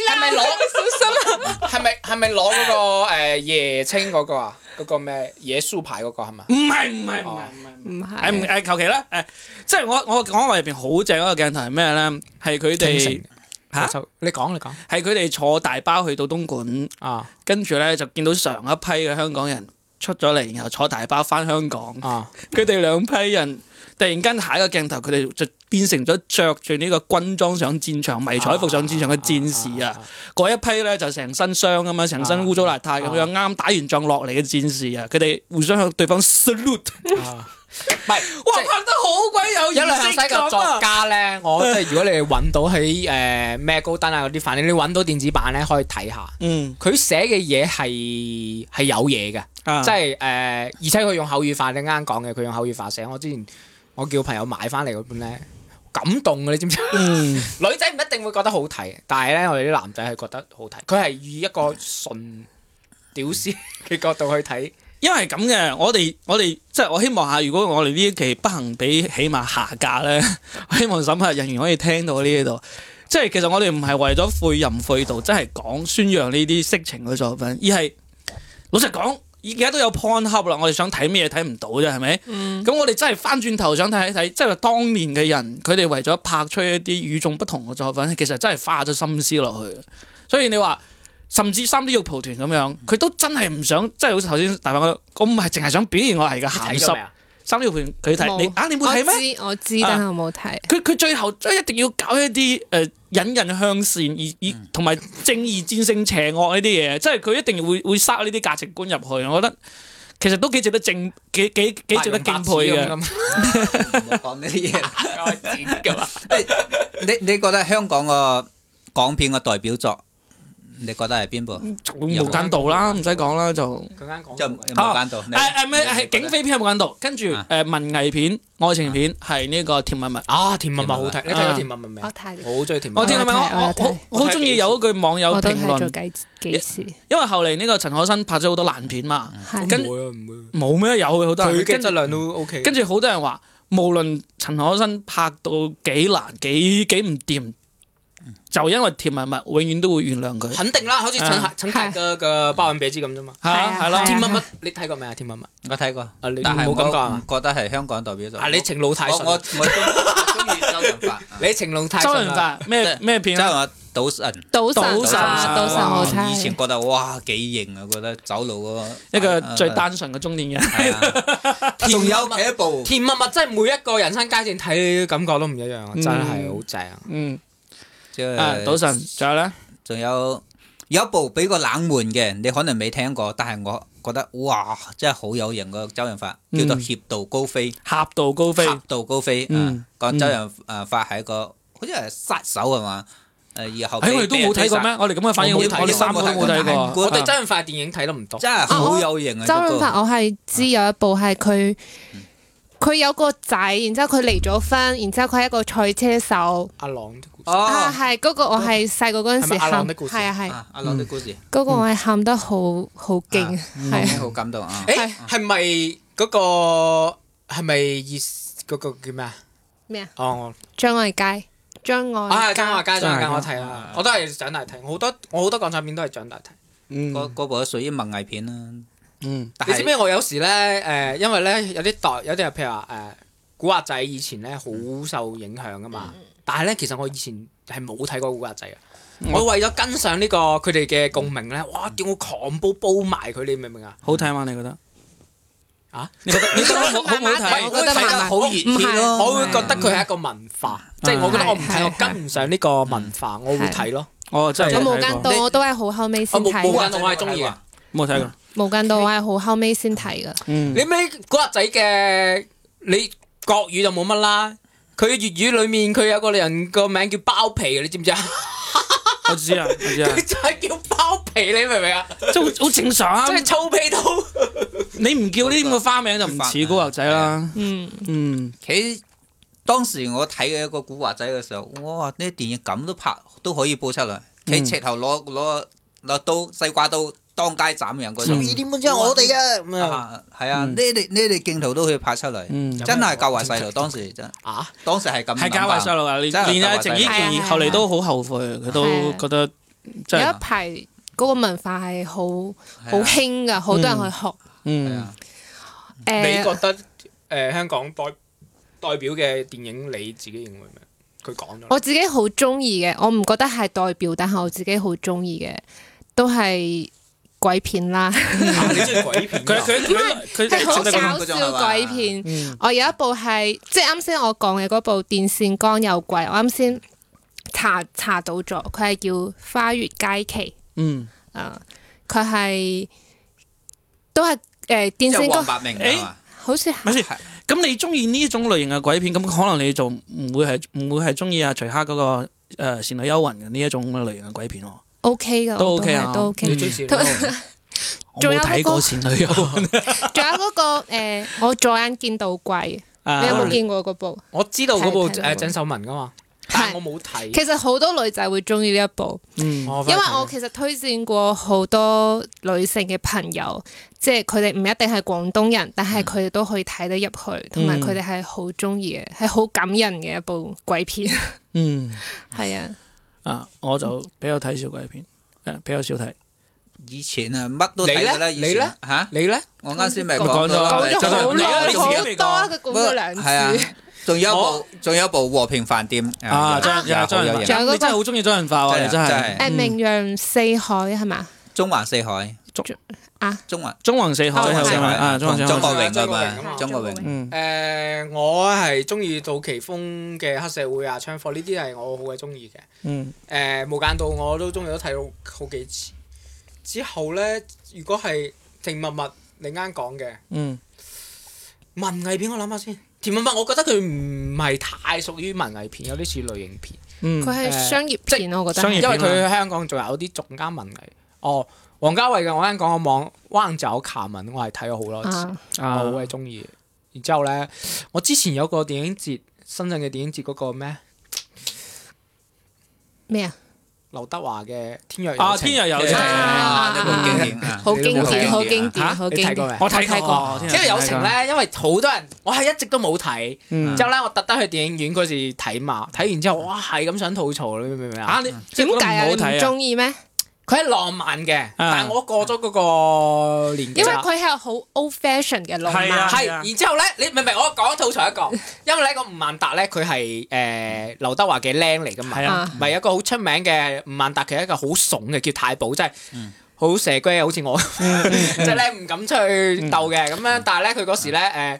你攞？小心啊！係咪係咪攞嗰個誒椰青嗰個啊？嗰個咩椰酥牌嗰個係咪？唔係唔係唔係唔係唔係誒誒，求其啦誒！即係我我講話入邊好正嗰個鏡頭係咩咧？係佢哋吓，你講你講，係佢哋坐大巴去到東莞啊，跟住咧就見到上一批嘅香港人出咗嚟，然後坐大巴翻香港啊，佢哋兩批人。突然間下一個鏡頭，佢哋就變成咗着住呢個軍裝上戰場、迷彩服上戰場嘅戰士啊！嗰一批咧就成身傷咁樣，成身污糟邋遢咁樣，啱打完仗落嚟嘅戰士啊！佢哋互相向對方 salute，唔係，哇，拍得好鬼有！有兩世嘅作家咧，我即係如果你揾到喺誒咩高登啊嗰啲，反正你揾到電子版咧，可以睇下。嗯，佢寫嘅嘢係係有嘢嘅，即係誒，而且佢用口語化，你啱啱講嘅，佢用口語化寫。我之前。我叫朋友買翻嚟嗰本咧，感動嘅你知唔知？嗯、 [laughs] 女仔唔一定會覺得好睇，但係咧我哋啲男仔係覺得好睇。佢係以一個純屌絲嘅角度去睇， [laughs] 因為咁嘅。我哋我哋即係，我希望下，如果我哋呢一期不幸俾起碼下架咧， [laughs] 我希望審核人員可以聽到呢度。即係其實我哋唔係為咗誨淫誨盜，即係講宣揚呢啲色情嘅作品，而係老實講。而家都有 point 啦，我哋想睇咩睇唔到啫，係咪？咁、嗯、我哋真係翻轉頭想睇一睇，即係話當年嘅人，佢哋為咗拍出一啲與眾不同嘅作品，其實真係花咗心思落去。所以你話，甚至三 D 肉蒲團咁樣，佢都真係唔想，即係好似頭先大凡哥，我唔係淨係想表現我係嘅鹹濕。三條盤，佢睇沒你啊？你冇睇咩？我知，我知，但係我冇睇。佢佢、啊、最後都一定要搞一啲誒引人向善而而同埋正義戰勝邪惡呢啲嘢，嗯、即係佢一定要會會塞呢啲價值觀入去。我覺得其實都幾值得敬幾幾幾值得敬佩嘅。唔好講呢啲嘢，嘅 [laughs] 話。 [laughs] [laughs] 你你覺得香港個港片嘅代表作？你覺得係邊部？無間道啦，唔使講啦，就嗰間講，就無間道。誒誒，唔係警匪片係無間道，跟住誒，文藝片、愛情片係呢個甜蜜蜜啊！甜蜜蜜好睇，你睇過甜蜜蜜未？我睇，好中意甜蜜蜜，我好好中意有一句網友評論。我都因為後嚟呢個陳可辛拍咗好多爛片嘛，跟唔唔會，冇咩有好多。佢跟質量都 O K。跟住好多人話，無論陳可辛拍到幾難、幾幾唔掂，就因為甜蜜蜜永遠都會原諒佢，肯定啦，好似陳陳太嘅包百萬比支》咁啫嘛。吓係咯，甜蜜蜜，你睇過未啊？甜蜜蜜，我睇過，但係我唔覺得係香港代表作。啊，你情路太我我中意周潤發。你情路太周潤發咩咩片啊？賭神賭神賭神賭神，以前覺得哇幾型啊，覺得走路嗰個一個最單純嘅中年人。仲有其他部《甜蜜蜜》，真係每一個人生階段睇感覺都唔一樣，真係好正。嗯。啊！早晨，仲有咧？仲有有一部比較冷門嘅，你可能未聽過，但係我覺得哇，真係好有型個周潤發，叫做《俠、嗯、盜高飛》啊。俠盜高飛，俠盜高飛。嗯，講周潤誒發係一個好似係殺手係嘛？誒、啊，然後殺我哋都冇睇過咩？我哋咁嘅反應好睇，呢三個都冇睇喎。過，我哋周潤發電影睇得唔多，啊啊、真係好有型啊、那個！周潤發，我係知有一部係佢。嗯雷佢有個仔，然之後佢離咗婚，然之後佢係一個賽車手。阿郎的哦，係嗰個我係細個嗰陣時喊，係啊係阿郎的故事。嗰個我係喊得好好勁，冇咩好感動啊！誒，係咪嗰個係咪二嗰個叫咩啊？咩啊？哦，張艾嘉，張艾。啊係，張佳，張艾嘉，我睇啦，我都係長大睇，好多我好多港產片都係長大睇，嗰嗰部屬於文藝片啦。你知唔知我有時咧？誒，因為咧有啲代有啲，譬如話誒古惑仔以前咧好受影響噶嘛。但係咧其實我以前係冇睇過古惑仔啊。我為咗跟上呢個佢哋嘅共鳴咧，哇！叫我狂煲煲埋佢，你明唔明啊？好睇嘛？你覺得？啊？你覺得好唔好睇？我覺得好熱。唔係，我會覺得佢係一個文化，即係我覺得我唔睇，我跟唔上呢個文化，我會睇咯。我真係。我冇跟到，我都係好後尾先睇。我冇冇跟到，我係中意啊！冇睇過。無間道我 I 好後尾先睇噶，嗯、你屘古惑仔嘅你國語就冇乜啦，佢粵語裏面佢有個人個名叫包皮嘅，你知唔知啊？ [laughs] 我知啊，佢就係叫包皮，你明唔明啊？即好正常啊，即係 [laughs] 臭屁都， [laughs] 你唔叫呢咁嘅花名就唔似古惑仔啦。嗯嗯，佢、嗯、當時我睇嘅一個古惑仔嘅時候，哇！啲電影咁都拍都可以播出嚟，佢赤、嗯、頭攞攞攞刀西瓜刀。當街斬人嗰啲，十二點半之後係我哋嘅，係啊，呢啲呢啲鏡頭都可以拍出嚟，真係教壞細路。當時真，啊，當時係咁，係教壞細路啊！連鄭伊健後嚟都好後悔，佢都覺得有一排嗰個文化係好好興嘅，好多人去學。嗯，你覺得誒香港代代表嘅電影你自己認為咩？佢講咗我自己好中意嘅，我唔覺得係代表，但係我自己好中意嘅都係鬼片啦、嗯，鬼片？ [laughs] 佢佢佢好搞笑鬼片。鬼片嗯、我有一部係，即係啱先我講嘅嗰部電線杆有鬼。我啱先查查到咗，佢係叫《花月佳期》嗯。嗯，啊、呃，佢係都係誒電線杆。王百明啊？好似，咁你中意呢種類型嘅鬼片，咁可能你就唔會係唔是會係中意阿徐克嗰、那個誒《倩、呃、女幽魂》嘅呢一種類型嘅鬼片。O K 噶，都 O K 啊，都 O K。仲有睇過前女友，仲有嗰個誒，我左眼見到鬼，你有冇見過嗰部？我知道嗰部誒，鄭秀文噶嘛，但係我冇睇。其實好多女仔會中意呢一部，因為我其實推薦過好多女性嘅朋友，即係佢哋唔一定係廣東人，但係佢哋都可以睇得入去，同埋佢哋係好中意嘅，係好感人嘅一部鬼片。嗯，係啊。啊！我就比較睇小鬼片，誒比較少睇。以前啊，乜都睇啦。你咧嚇？你咧？我啱先咪講咗，你多，佢講咗兩次。仲有一部，仲有一部和平飯店啊，仲有有嘢。你真係好中意周潤發喎，你真係誒名揚四海係嘛？中華四海。中啊，中環，縱橫四海，係咪啊？張國榮，張國榮，誒，我係中意杜琪峰嘅《黑社會》啊，《槍火》呢啲係我好鬼中意嘅。誒，無間道，我都中意，都睇到好幾次。之後咧，如果係《甜蜜蜜》，你啱講嘅。嗯。文藝片，我諗下先，《甜蜜蜜》我覺得佢唔係太屬於文藝片，有啲似類型片。佢係商業片，我覺得，因為佢喺香港仲有啲更加文藝哦。王家衛嘅我啱講個旺角卡門，我係睇咗好多次，我好鬼中意。然之後咧，我之前有個電影節，深圳嘅電影節嗰個咩咩啊？劉德華嘅《天若有情》，《天若有情》啊，一部經典，好經典，好經典，好經典。你睇睇過。因為《有情》咧，因為好多人，我係一直都冇睇。之後咧，我特登去電影院嗰時睇嘛，睇完之後，哇，係咁想吐槽，你明唔明啊？點解唔中意咩？佢係浪漫嘅，但係我過咗嗰個年紀，因為佢係好 old fashion 嘅浪漫，係、啊啊、然之後咧，你明唔明？我講一套，吐槽一個。因為咧個吳萬達咧，佢係誒劉德華嘅靚嚟噶嘛，啊，唔咪一個好出名嘅吳萬達，其實一個好慫嘅叫太保，即係好蛇龜，好似我，即係咧唔敢出去鬥嘅咁樣。 [laughs] 但係咧佢嗰時咧誒。呃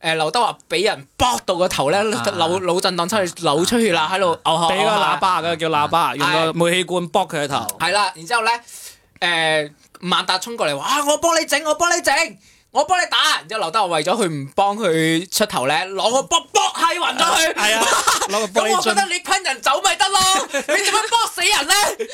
誒，劉德華俾人剝到個頭咧，扭腦震盪出去，扭出血啦，喺度嘔血。俾個喇叭嗰個叫喇叭，用個煤氣罐剝佢個頭。係啦，然之後咧，誒，孟達衝過嚟話：我幫你整，我幫你整，我幫你打。然之後劉德華為咗佢唔幫佢出頭咧，攞個剝剝係暈咗去。係啊，攞個剝。我覺得你噴人走咪得咯，你點樣剝死人咧？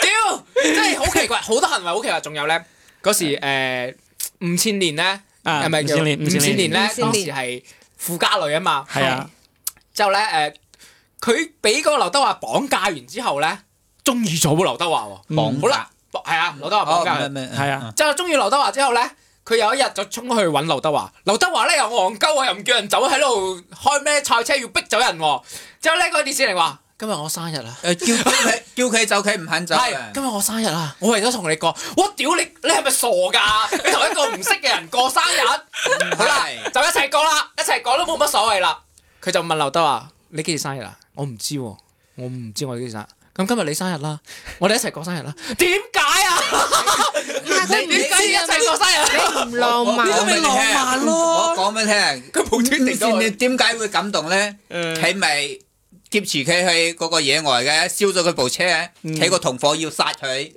屌，真係好奇怪，好多行為好奇怪。仲有咧，嗰時誒五千年咧。啊，係咪、uh, 五千年咧？當、哦、時係富家女啊嘛，係是啊，就咧誒，佢俾嗰個劉德華綁架完之後咧，中意咗劉德華喎，綁架、好啦係啊，劉德華綁架佢係、哦、啊，就中意劉德華之後咧，佢有一日就衝去搵劉德華，劉德華咧又戇鳩喎，又唔叫人走喺度開咩賽車要逼走人喎、啊，之後咧個電視嚟話。今日我生日啦！叫佢叫佢走，佢唔肯走。今日我生日啦！我為咗同你過，我屌你，你係咪傻噶？你同一個唔識嘅人過生日，係就一齊過啦，一齊過都冇乜所謂啦。佢就問劉德華：你幾時生日啊？我唔知，我唔知我幾時生日。咁今日你生日啦，我哋一齊過生日啦。點解啊？你點解要一齊過生日？你唔浪漫咪浪漫咯！我講俾你聽，佢冇天敵咁。你點解會感動咧？係咪？劫持佢去嗰個野外嘅，燒咗佢部車，佢個同夥要殺佢。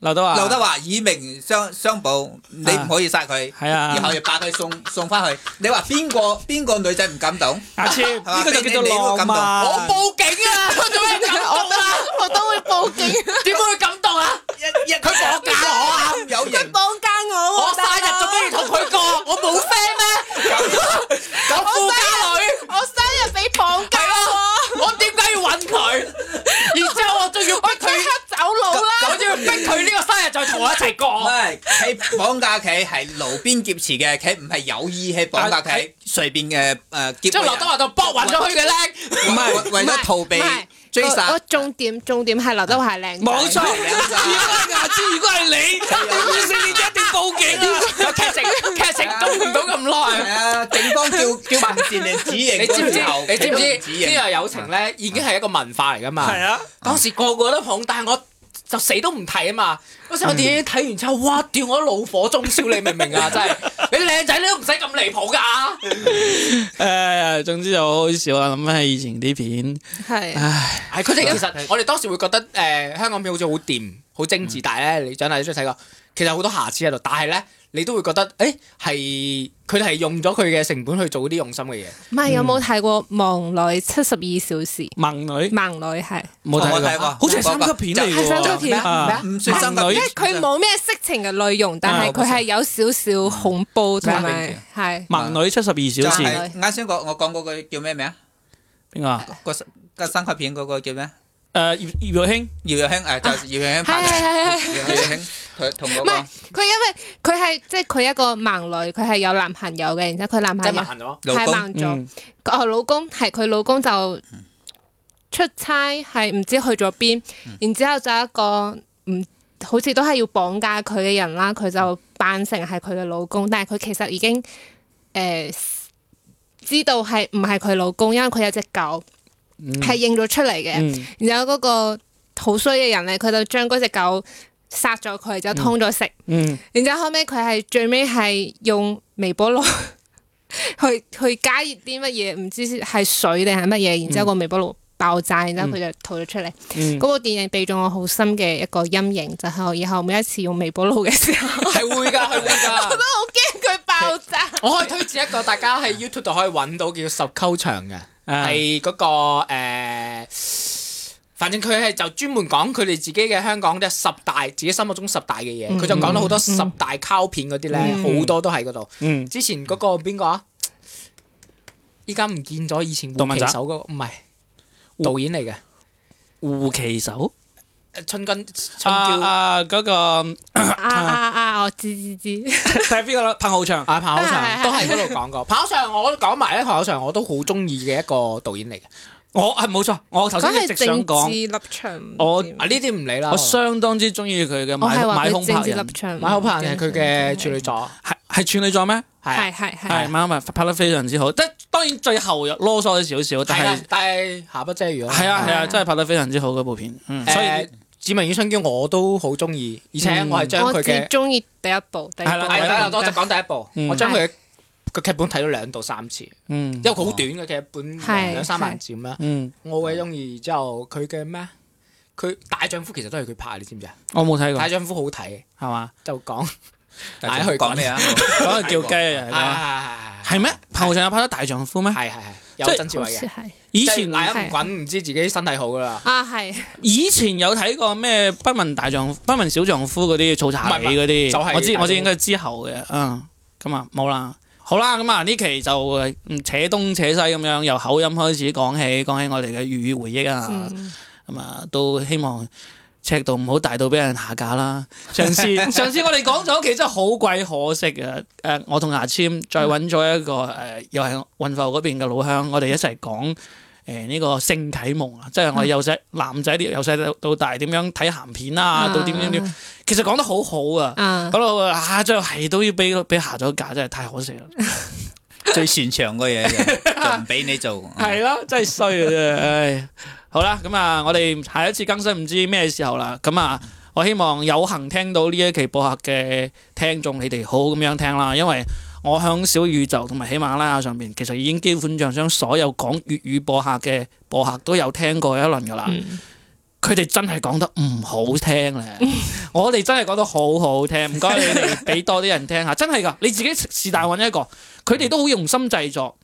劉德華，劉德華以命相相保，你唔可以殺佢。係啊，然後又把佢送送翻去。你話邊個邊個女仔唔感動？阿超，呢個就叫做你唔感動。我報警啊！我做咩感動啊？我都會報警。點會感動啊？一一佢綁架我啊！有嘢，綁架我。我生日做咩要同佢過，我冇 friend 咩？有啊，有。佢，然之後我仲要逼佢黑走路啦，我仲要逼佢呢個生日再同我一齊過。唔係，佢綁架佢係路邊劫持嘅，佢唔係有意喺綁架佢，隨便嘅誒劫。呃嗯、即劉德華就搏暈咗佢嘅叻，唔係 [laughs] 是為咗逃避。嗰重點，重點係劉德華係靚冇錯、 [laughs] 啊。如果係牙如果係你點你一定你報警啊！劇 [laughs] [laughs] 情，劇情，做唔到咁耐。啊， [laughs] [laughs] 警方叫叫文健定子盈。你知唔知？ [laughs] 你知唔知？呢個 [laughs] 友情咧已經係一個文化嚟噶嘛。係啊，當時個個都捧，但係我。就死都唔睇啊嘛！嗰時我電影睇完之後，哇！掉我都怒火中燒，你明唔明啊？ [laughs] 真係你靚仔，你都唔使咁離譜噶。誒， [laughs] uh, 總之就好好笑啊！諗返起以前啲片，係係佢哋其實我哋當時會覺得誒、呃，香港片好似好掂、好精緻，嗯、但係咧，你長大你都睇過，其實好多瑕疵喺度，但係咧。你都會覺得，誒，係佢係用咗佢嘅成本去做啲用心嘅嘢。唔係有冇睇過《盲女七十二小時》？盲女，盲女係冇睇過，好似三級片嚟，係三級片啊！唔算三級，即係佢冇咩色情嘅內容，但係佢係有少少恐怖同埋。係《盲女七十二小時》。啱先講我講嗰句叫咩名？邊個？個個三級片嗰個叫咩？誒，葉葉玉卿，葉玉卿誒，就係葉玉卿佢同嗰個，唔係佢因為佢係即係佢一個盲女，佢係有男朋友嘅，然之後佢男朋友太盲咗，哦，老公係佢、嗯、老，老公就出差係唔知去咗邊，嗯、然之後就一個唔好似都係要綁架佢嘅人啦，佢就扮成係佢嘅老公，但係佢其實已經誒、呃、知道係唔係佢老公，因為佢有隻狗。係認咗出嚟嘅。然後嗰個好衰嘅人咧，佢就將嗰隻狗殺咗佢，就劏咗食。嗯，然之後後尾佢係最尾係用微波爐去去加熱啲乜嘢，唔知係水定係乜嘢，然之後個微波爐爆炸，然之後佢就逃咗出嚟。嗰部電影俾咗我好深嘅一個陰影，就係以後每一次用微波爐嘅時候係會噶，係會噶，我都好驚佢爆炸。我可以推薦一個大家喺 YouTube 度可以搵到，叫十溝牆嘅。係嗰、uh, 那個誒、呃，反正佢係就專門講佢哋自己嘅香港嘅十大，自己心目中十大嘅嘢。佢、嗯、就講咗好多十大膠片嗰啲咧，好、嗯、多都喺嗰度。嗯嗯、之前嗰個邊個啊？依家唔見咗以前護旗手嗰、那個，唔係是胡導演嚟嘅護旗手。春根，春嬌啊嗰個啊，啊啊我知知知睇，邊個？彭浩翔啊！彭浩翔都係嗰度講過彭浩翔，我講埋咧，彭浩翔我都好中意嘅一個導演嚟嘅，我係冇錯，我頭先一直想講，我呢啲唔理啦，我相當之中意佢嘅，買買兇拍人，買兇拍人佢嘅處女作，係係處女作咩？係係係啱啱啊，拍得非常之好，即係當然最後又囉嗦咗少少，但係但係下不遮樣，係啊係啊，真係拍得非常之好嗰部片，所以。《志明與春嬌》我都好中意，而且我係將佢嘅中意第一部，第一部係啦，我就講第一部，我將佢個劇本睇咗兩到三次，因為佢好短嘅劇本，兩三萬字咁樣。我會中意之後，佢嘅咩？佢大丈夫其實都係佢拍，你知唔知啊？我冇睇過。大丈夫好睇，係嘛？就講。大家去講咩啊？講去叫雞啊？係咩？後上有拍咗《大丈夫》咩？係係係，即係曾志偉嘅。以前滾唔知自己身體好噶啦。啊係。以前有睇過咩《不問大丈夫，不問小丈夫》嗰啲吐槽戲嗰啲？我知我知，應該之後嘅。嗯，咁啊冇啦。好啦，咁啊呢期就扯東扯西咁樣，由口音開始講起，講起我哋嘅粵語回憶啊。咁啊，都希望。尺度唔好大到俾人下架啦！上次 [laughs] 上次我哋講咗，其實真係好鬼可惜啊！誒、呃，我同牙籤再揾咗一個誒、呃，又係雲浮嗰邊嘅老鄉，嗯、我哋一齊講誒呢、呃呢個性啟蒙啊！嗯、即係我哋由細男仔啲由細到大點樣睇鹹片啊，嗯、到點點點，其實講得好好啊！講到、嗯、啊，最後係都要俾俾下咗架，真係太可惜啦～、嗯最擅長嘅嘢 [laughs] 就唔俾你做，係咯、啊,真係衰嘅啫。唉、哎， [laughs] 好啦，咁啊，我哋下一次更新唔知咩時候啦。咁啊，我希望有幸聽到呢一期播客嘅聽眾，你哋好好咁樣聽啦。因為我響小宇宙同埋喜馬拉雅上邊，其實已經基本上將所有講粵語播客嘅播客都有聽過一輪噶啦。嗯佢哋真係講得唔好聽咧， [laughs] 我哋真係講得好好聽，唔該你哋俾多啲人聽下，真係噶，你自己是但揾一個，佢哋都好用心製作，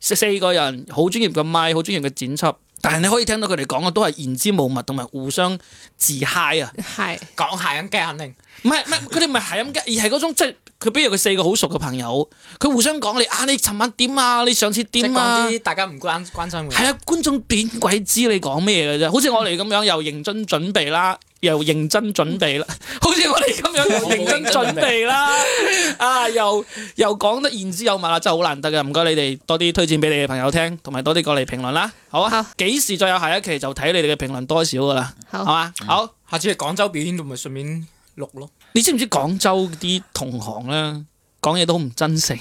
四四個人好專業嘅麥，好專業嘅剪輯，但係你可以聽到佢哋講嘅都係言之無物，同埋互相自嗨 i g h 啊，是講下音機肯定，唔係唔係佢哋唔係下音機，而係嗰種即，就是佢比如佢四個好熟嘅朋友，佢互相講你啊，你尋晚點啊，你上次點啊？即係講啲大家唔關關心嘅、啊。係啊，觀眾點鬼知你講咩嘅啫？好似我哋咁樣又認真準備啦，又認真準備啦，好似我哋咁樣又認真準備啦。 [laughs] 備啦 [laughs] 啊，又又講得言之有物啊，真係好難得噶。唔該，你哋多啲推薦俾你嘅朋友聽，同埋多啲過嚟評論啦。好啊，幾好時再有下一期就睇你哋嘅評論多少噶啦。好、啊，係好，嗯、好下次喺廣州表演度咪順便錄咯。你知唔知廣州啲同行咧講嘢都好唔真誠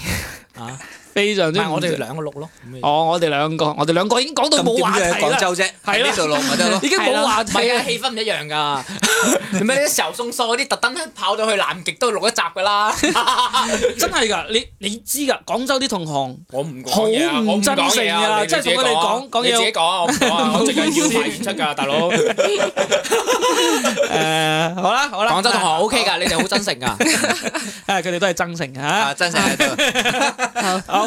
啊？非常之我哋兩個錄咯。哦，我哋兩個，我哋兩個已經講到冇話題啦。廣州啫，喺呢度錄咪得咯。已經冇話題啦。唔係啊，氣氛唔一樣㗎。咩？邵松松嗰啲特登跑到去南極都錄一集㗎啦。真係㗎，你你知㗎。廣州啲同行，我唔講嘢啊，我唔講嘢啊。你自己講，你自己講。哇，好重要派演出㗎，大佬。誒，好啦，好啦。廣州同行 OK 㗎，你哋好真誠㗎。誒，佢哋都係真誠嚇，真誠。好。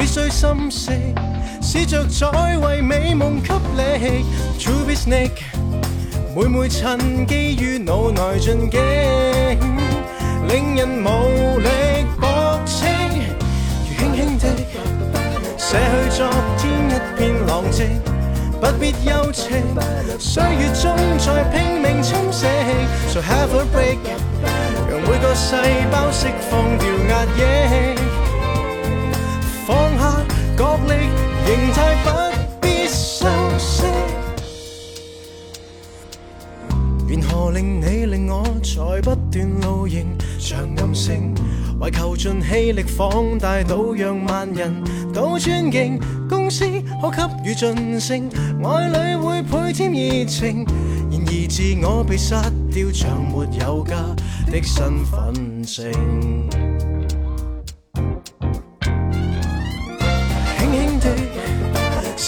必須心死，試着再為美夢給力。True vision，每每趁機於腦內進擊，令人無力駁斥。如輕輕地捨去昨天一片狼藉，不必憂情。歲月中在拼命侵蝕。So have a break，讓每個細胞釋放掉壓抑。放下角力形態，不必修飾。緣 [noise] 何令你令我斷，在不斷露營，長任性，懷求盡氣力，放大到讓萬人都尊敬。公司可給予晉升，愛侶會倍添熱情。然而自我被殺掉，像沒有家的身份證。